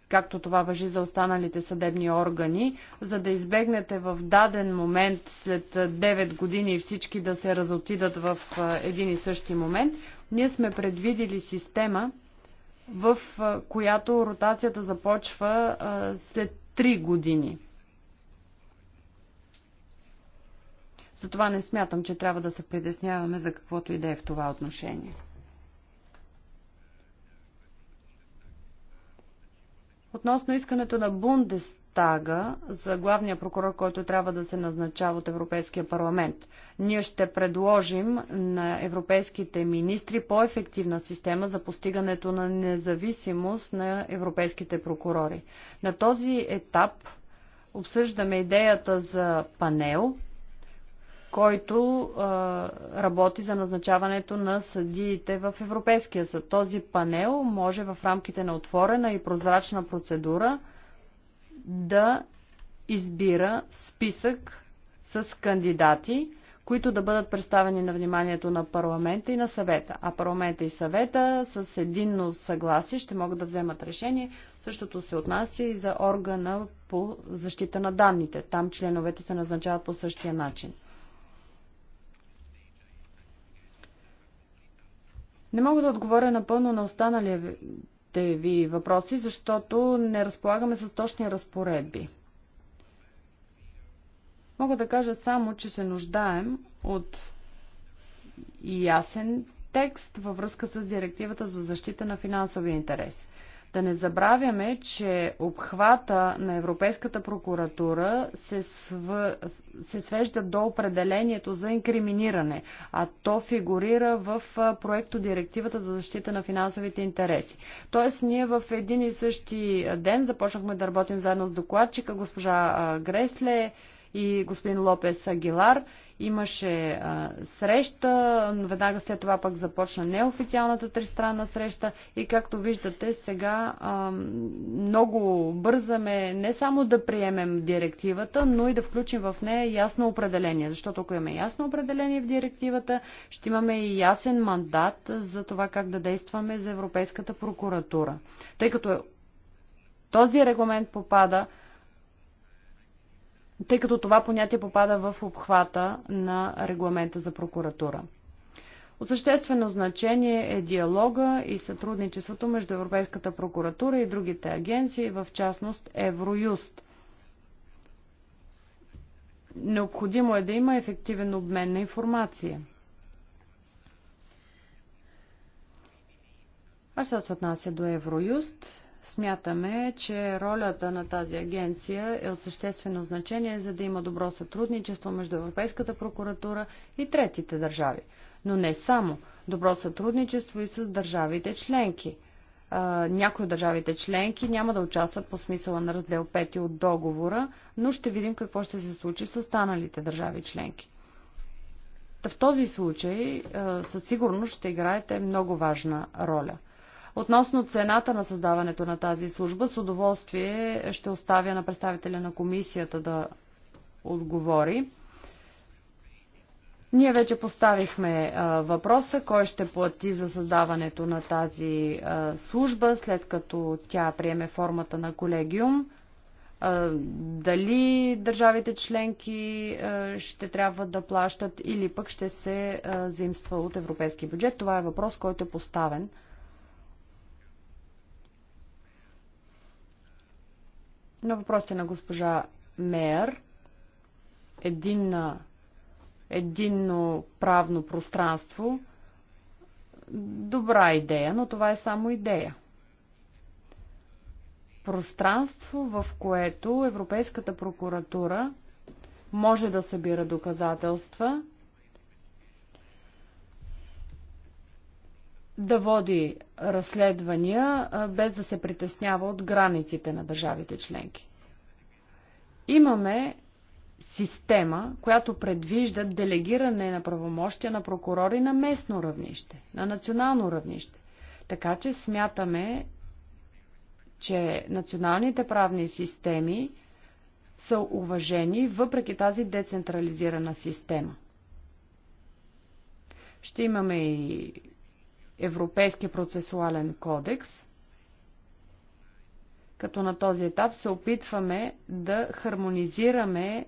както това въжи за останалите съдебни органи, за да избегнете в даден момент след 9 години всички да се разотидат в един и същи момент, ние сме предвидили система, в която ротацията започва след 3 години. Затова не смятам, че трябва да се притесняваме за каквото и да е в това отношение. Относно искането на Бундестага за главния прокурор, който трябва да се назначава от Европейския парламент, ние ще предложим на европейските министри по-ефективна система за постигането на независимост на европейските прокурори. На този етап обсъждаме идеята за панел – който а, работи за назначаването на съдиите в Европейския съд. Този панел може в рамките на отворена и прозрачна процедура да избира списък с кандидати, които да бъдат представени на вниманието на парламента и на съвета. А парламента и съвета с единно съгласие ще могат да вземат решение. Същото се отнася и за органа по защита на данните. Там членовете се назначават по същия начин. Не мога да отговоря напълно на останалите ви въпроси, защото не разполагаме с точни разпоредби. Мога да кажа само, че се нуждаем от ясен текст във връзка с директивата за защита на финансови интереси. Да не забравяме, че обхвата на Европейската прокуратура се, св... се свежда до определението за инкриминиране, а то фигурира в проекто Директивата за защита на финансовите интереси. Тоест, ние в един и същи ден започнахме да работим заедно с докладчика, госпожа Гресле, и господин Лопес Агилар. Имаше а, среща, но веднага след това пък започна неофициалната тристранна среща и както виждате сега а, много бързаме не само да приемем директивата, но и да включим в нея ясно определение, защото ако имаме ясно определение в директивата, ще имаме и ясен мандат за това как да действаме за Европейската прокуратура. Тъй като този регламент попада тъй като това понятие попада в обхвата на регламента за прокуратура. От съществено значение е диалога и сътрудничеството между Европейската прокуратура и другите агенции, в частност Евроюст. Необходимо е да има ефективен обмен на информация. А що се отнася до Евроюст, Смятаме, че ролята на тази агенция е от съществено значение, за да има добро сътрудничество между Европейската прокуратура и третите държави. Но не само. Добро сътрудничество и с държавите членки. А, някои от държавите членки няма да участват по смисъла на раздел 5 от договора, но ще видим какво ще се случи с останалите държави членки. В този случай със сигурност ще играете много важна роля – Относно цената на създаването на тази служба, с удоволствие ще оставя на представителя на комисията да отговори. Ние вече поставихме а, въпроса, кой ще плати за създаването на тази а, служба, след като тя приеме формата на колегиум. А, дали държавите членки а, ще трябва да плащат или пък ще се а, заимства от европейски бюджет. Това е въпрос, който е поставен На въпросите на госпожа Мейер, единна, единно правно пространство, добра идея, но това е само идея. Пространство, в което Европейската прокуратура може да събира доказателства – да води разследвания без да се притеснява от границите на държавите членки. Имаме система, която предвижда делегиране на правомощия на прокурори на местно равнище, на национално равнище. Така че смятаме, че националните правни системи са уважени въпреки тази децентрализирана система. Ще имаме и Европейския процесуален кодекс, като на този етап се опитваме да хармонизираме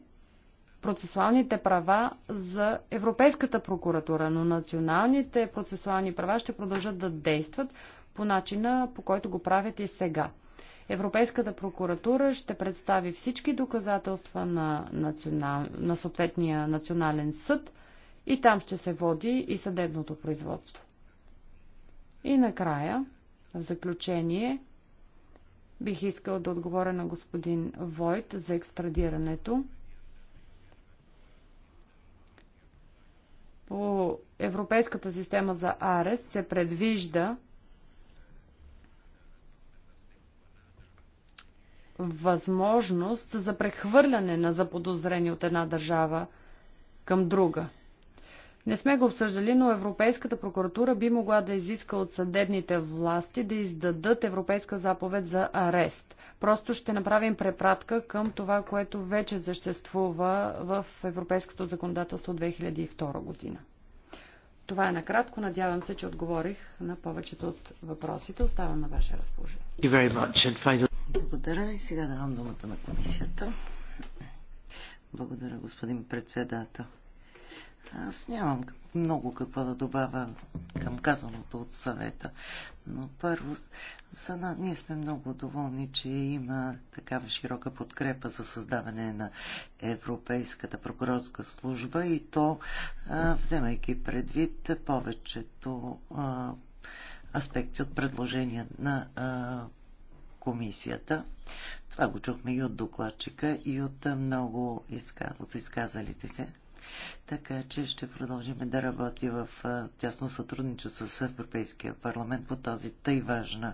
процесуалните права за Европейската прокуратура, но националните процесуални права ще продължат да действат по начина, по който го правят и сега. Европейската прокуратура ще представи всички доказателства на, национал... на съответния национален съд и там ще се води и съдебното производство. И накрая, в заключение, бих искал да отговоря на господин Войт за екстрадирането. По Европейската система за АРЕС се предвижда възможност за прехвърляне на заподозрени от една държава към друга – не сме го обсъждали, но Европейската прокуратура би могла да изиска от съдебните власти да издадат Европейска заповед за арест. Просто ще направим препратка към това, което вече съществува в Европейското законодателство 2002 година. Това е накратко. Надявам се, че отговорих на повечето от въпросите. Оставам на ваше разположение. Благодаря и сега давам думата на комисията. Благодаря, господин председател. Аз нямам много какво да добавя към казаното от съвета. Но първо, за нас, ние сме много доволни, че има такава широка подкрепа за създаване на Европейската прокурорска служба и то, а, вземайки предвид повечето а, аспекти от предложения на а, комисията. Това го чухме и от докладчика, и от много изка... от изказалите се. Така че ще продължим да работи в тясно сътрудничество с Европейския парламент по тази тъй важна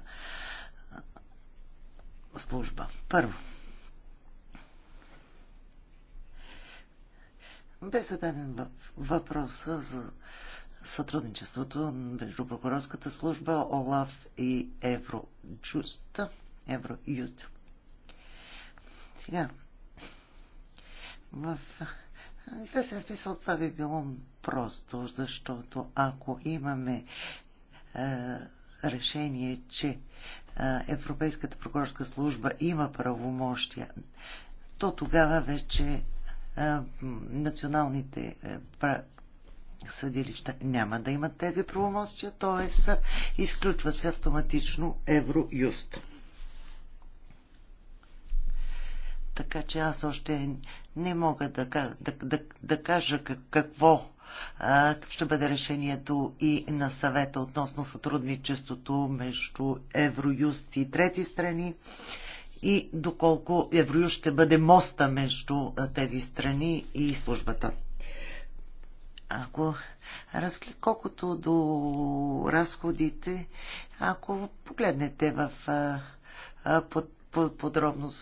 служба. Първо. Бе зададен въпроса за сътрудничеството между прокурорската служба, ОЛАФ и Евроджуст. Евроюст. Сега, в известен смисъл това би било просто, защото ако имаме е, решение, че е, Европейската прокурорска служба има правомощия, то тогава вече е, националните е, съдилища няма да имат тези правомощия, т.е. изключва се автоматично Евроюст. Така че аз още не мога да, да, да, да кажа какво ще бъде решението и на съвета относно сътрудничеството между Евроюст и трети страни и доколко Евроюст ще бъде моста между тези страни и службата. Ако разкли, колкото до разходите, ако погледнете в под подробно,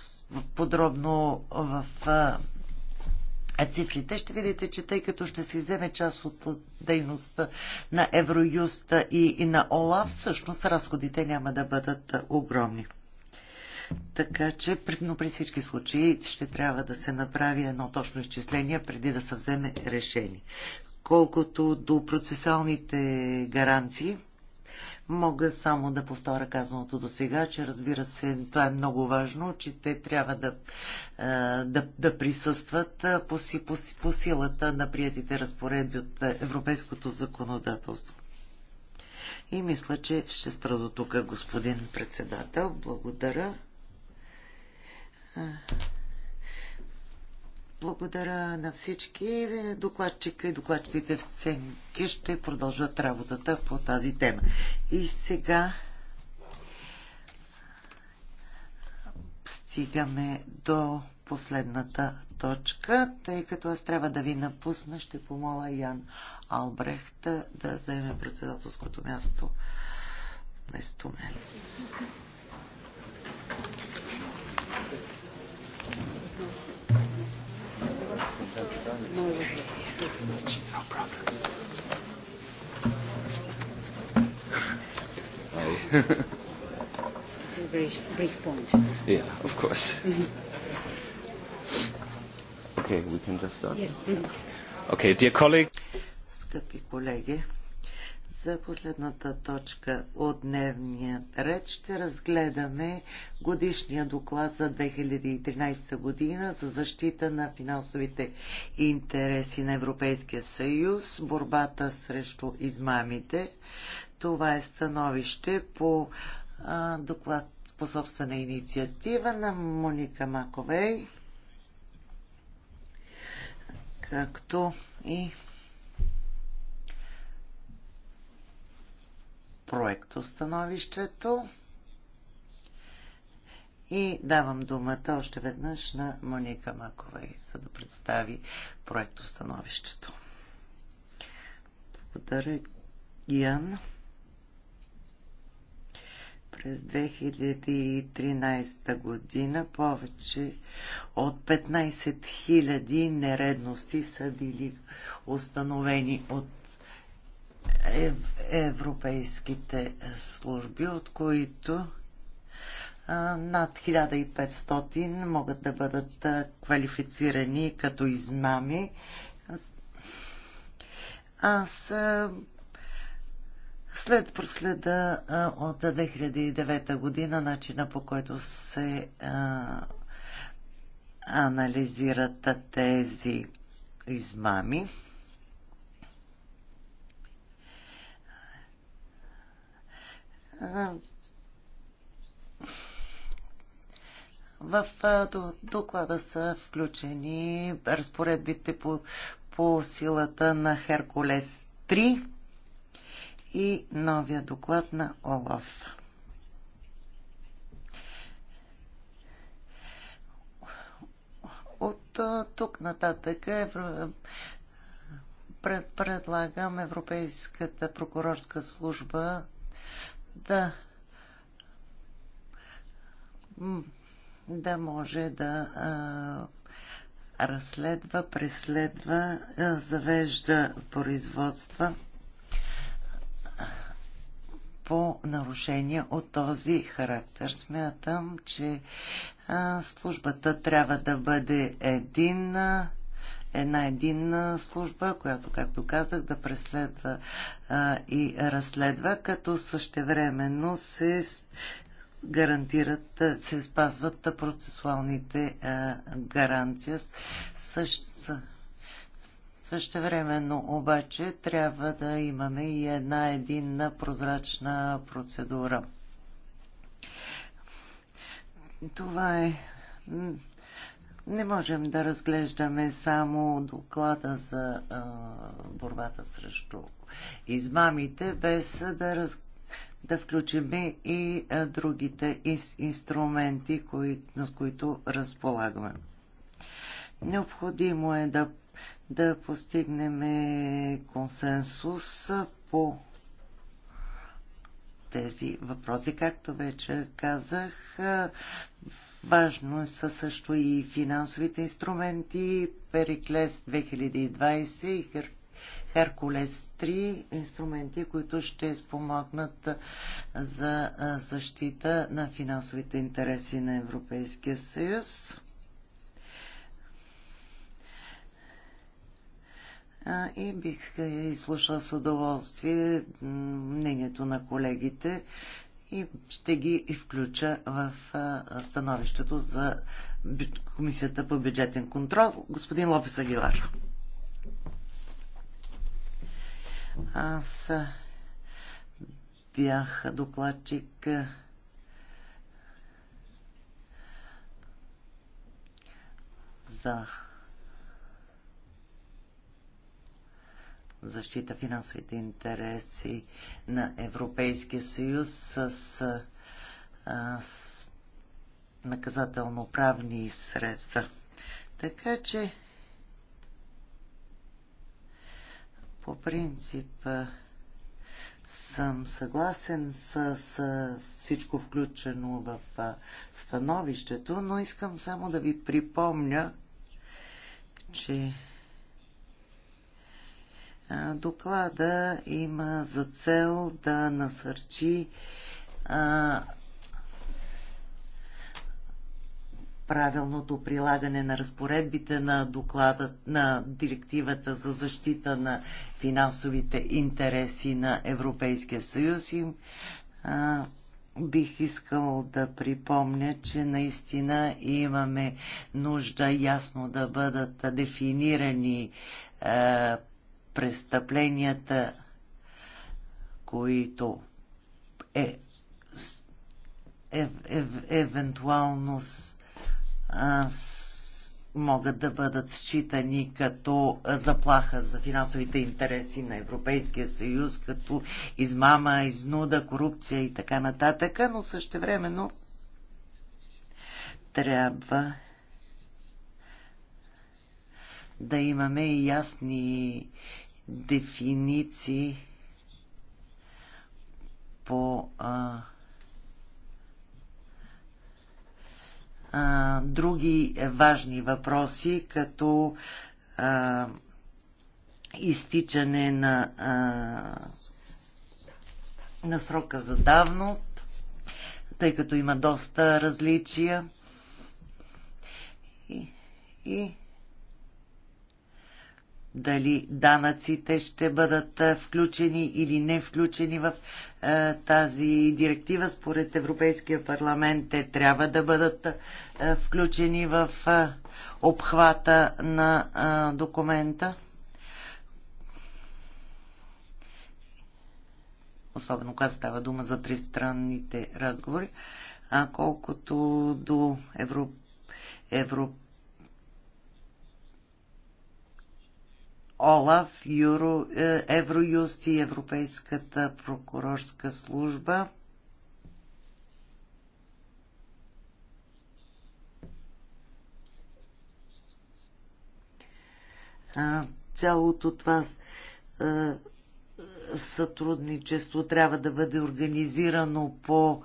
подробно в цифрите, ще видите, че тъй като ще се вземе част от дейността на Евроюста и, и на ОЛАВ, всъщност разходите няма да бъдат огромни. Така че, но при всички случаи ще трябва да се направи едно точно изчисление преди да се вземе решение. Колкото до процесуалните гаранции, Мога само да повторя казаното до сега, че разбира се, това е много важно, че те трябва да, е, да, да присъстват е, по, си, по, по силата на приятите разпоредби от е, европейското законодателство. И мисля, че ще спра до тук, господин председател. Благодаря. Благодаря на всички. Докладчика и докладчиците в Сенки ще продължат работата по тази тема. И сега стигаме до последната точка. Тъй като аз трябва да ви напусна, ще помоля Ян Албрехт да заеме председателското място вместо мен. it's a very brief point. Yeah, of course. Mm-hmm. okay, we can just start. Yes. Mm-hmm. Okay, dear colleague. Скъпи колеги, за последната точка от дневния ред ще разгледаме годишния доклад за 2013 година за защита на финансовите интереси на Европейския съюз, борбата срещу измамите. Това е становище по а, доклад по собствена инициатива на Моника Маковей, както и проекто становището. И давам думата още веднъж на Моника Маковей, за да представи проекто становището. Благодаря, Ян през 2013 година повече от 15 000 нередности са били установени от европейските служби, от които над 1500 могат да бъдат квалифицирани като измами. Аз след проследа от 2009 година начина по който се анализират тези измами. В доклада са включени разпоредбите по, по силата на Херкулес 3 и новия доклад на ОЛАФ. От тук нататък Евро... пред, предлагам Европейската прокурорска служба да да може да а, разследва, преследва, а, завежда производства по нарушения от този характер. Смятам, че а, службата трябва да бъде единна, една единна служба, която, както казах, да преследва а, и разследва, като същевременно се гарантират, се спазват процесуалните а, гаранции. Също времено обаче трябва да имаме и една единна прозрачна процедура. Това е не можем да разглеждаме само доклада за а, борбата срещу измамите, без да, раз, да включим и а, другите из, инструменти, кои, с които разполагаме. Необходимо е да да постигнем консенсус по тези въпроси. Както вече казах, важно е са също и финансовите инструменти, Периклес 2020 и Хер... Херкулес 3 инструменти, които ще спомогнат за защита на финансовите интереси на Европейския съюз. и бих изслушал с удоволствие мнението на колегите и ще ги включа в становището за Комисията по бюджетен контрол. Господин Лопес Агилар. Аз бях докладчик за защита финансовите интереси на Европейския съюз с, а, с наказателно-правни средства. Така че по принцип съм съгласен с, с всичко включено в становището, но искам само да ви припомня, че Доклада има за цел да насърчи а, правилното прилагане на разпоредбите на доклада на директивата за защита на финансовите интереси на Европейския съюз и а, бих искал да припомня, че наистина имаме нужда ясно да бъдат дефинирани а, престъпленията, които е, е, е евентуално с, а, с, могат да бъдат считани като заплаха за финансовите интереси на Европейския съюз, като измама, изнуда, корупция и така нататък, но същевременно трябва да имаме и ясни дефиниции по а, а, други важни въпроси, като а, изтичане на, а, на срока за давност, тъй като има доста различия. И, и дали данъците ще бъдат включени или не включени в тази директива. Според Европейския парламент те трябва да бъдат включени в обхвата на документа. Особено когато става дума за тристранните разговори. А колкото до Европ... Европ ОЛАФ, Юро, е, Евроюст и Европейската прокурорска служба. Цялото това е, сътрудничество трябва да бъде организирано по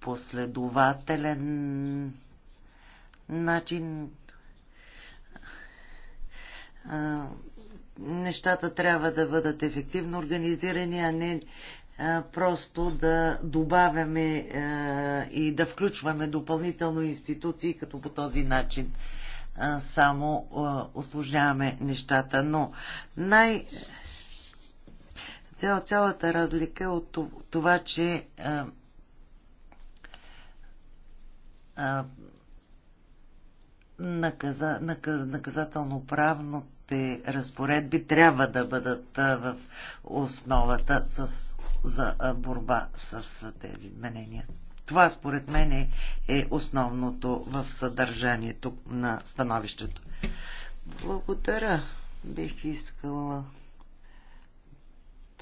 последователен начин нещата трябва да бъдат ефективно организирани, а не просто да добавяме и да включваме допълнително институции, като по този начин само осложняваме нещата. Но най... цялата разлика е от това, че наказа, наказателно-правното Общите разпоредби трябва да бъдат в основата с, за борба с тези изменения. Това според мен е, е основното в съдържанието на становището. Благодаря. Бих искала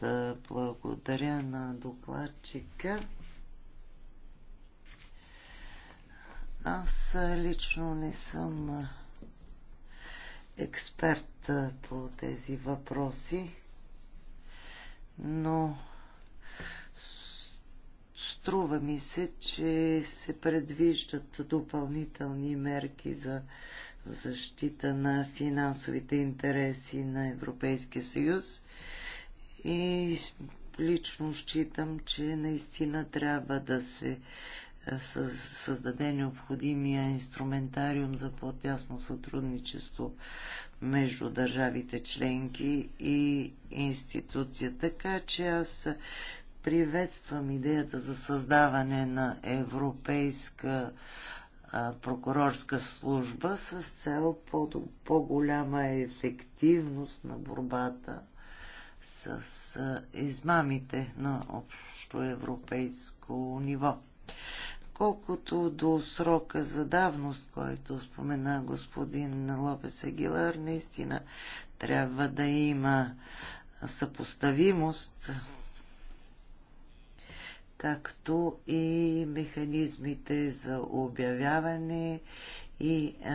да благодаря на докладчика. Аз лично не съм експерт по тези въпроси, но струва ми се, че се предвиждат допълнителни мерки за защита на финансовите интереси на Европейския съюз и лично считам, че наистина трябва да се е, създаде необходимия инструментариум за по-тясно сътрудничество между държавите членки и институция. Така че аз приветствам идеята за създаване на европейска прокурорска служба с цел по-голяма ефективност на борбата с измамите на европейско ниво. Колкото до срока за давност, който спомена господин Лопес Агилар, наистина трябва да има съпоставимост, както и механизмите за обявяване и а,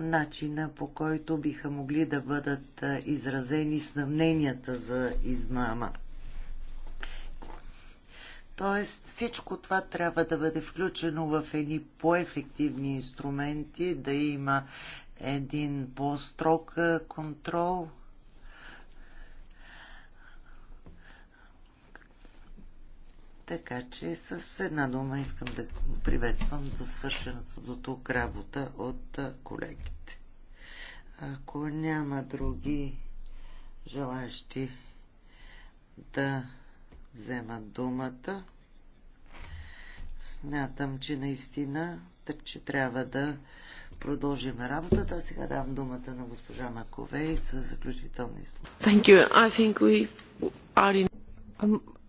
начина по който биха могли да бъдат изразени сравненията за измама. Тоест всичко това трябва да бъде включено в едни по-ефективни инструменти, да има един по-строг контрол. Така че с една дума искам да приветствам за свършената до тук работа от колегите. Ако няма други желащи да вземат думата, Смятам, че наистина так, че трябва да продължим работата. Сега давам думата на госпожа Маковей с заключителни слова.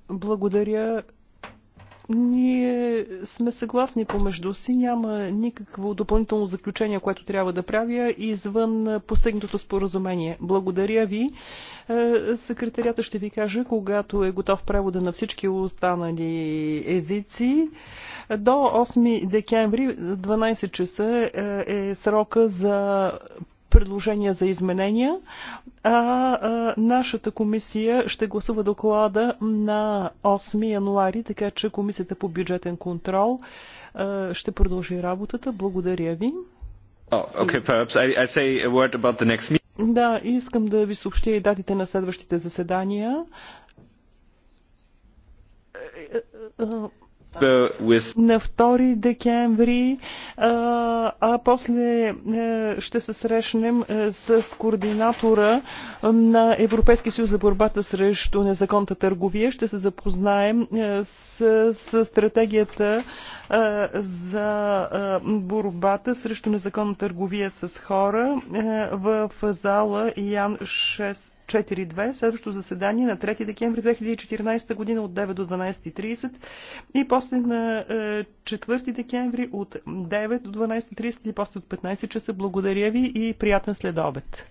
Благодаря. Ние сме съгласни помежду си, няма никакво допълнително заключение, което трябва да правя извън постигнатото споразумение. Благодаря ви. Е, секретарята ще ви каже, когато е готов превода на всички останали езици. До 8 декември 12 часа е, е срока за предложения за изменения, а нашата комисия ще гласува доклада на 8 януари, така че комисията по бюджетен контрол ще продължи работата. Благодаря ви. Oh, okay, perhaps I, I say a word about the next meeting. Да, искам да ви съобщя и датите на следващите заседания на 2 декември, а после е, ще се срещнем е, с координатора на Европейския съюз за борбата срещу незаконната търговия. Ще се запознаем е, с, с стратегията за борбата срещу незаконна търговия с хора в зала Ян 6. 4.2, следващото заседание на 3 декември 2014 година от 9 до 12.30 и после на 4 декември от 9 до 12.30 и после от 15 часа. Благодаря ви и приятен следобед!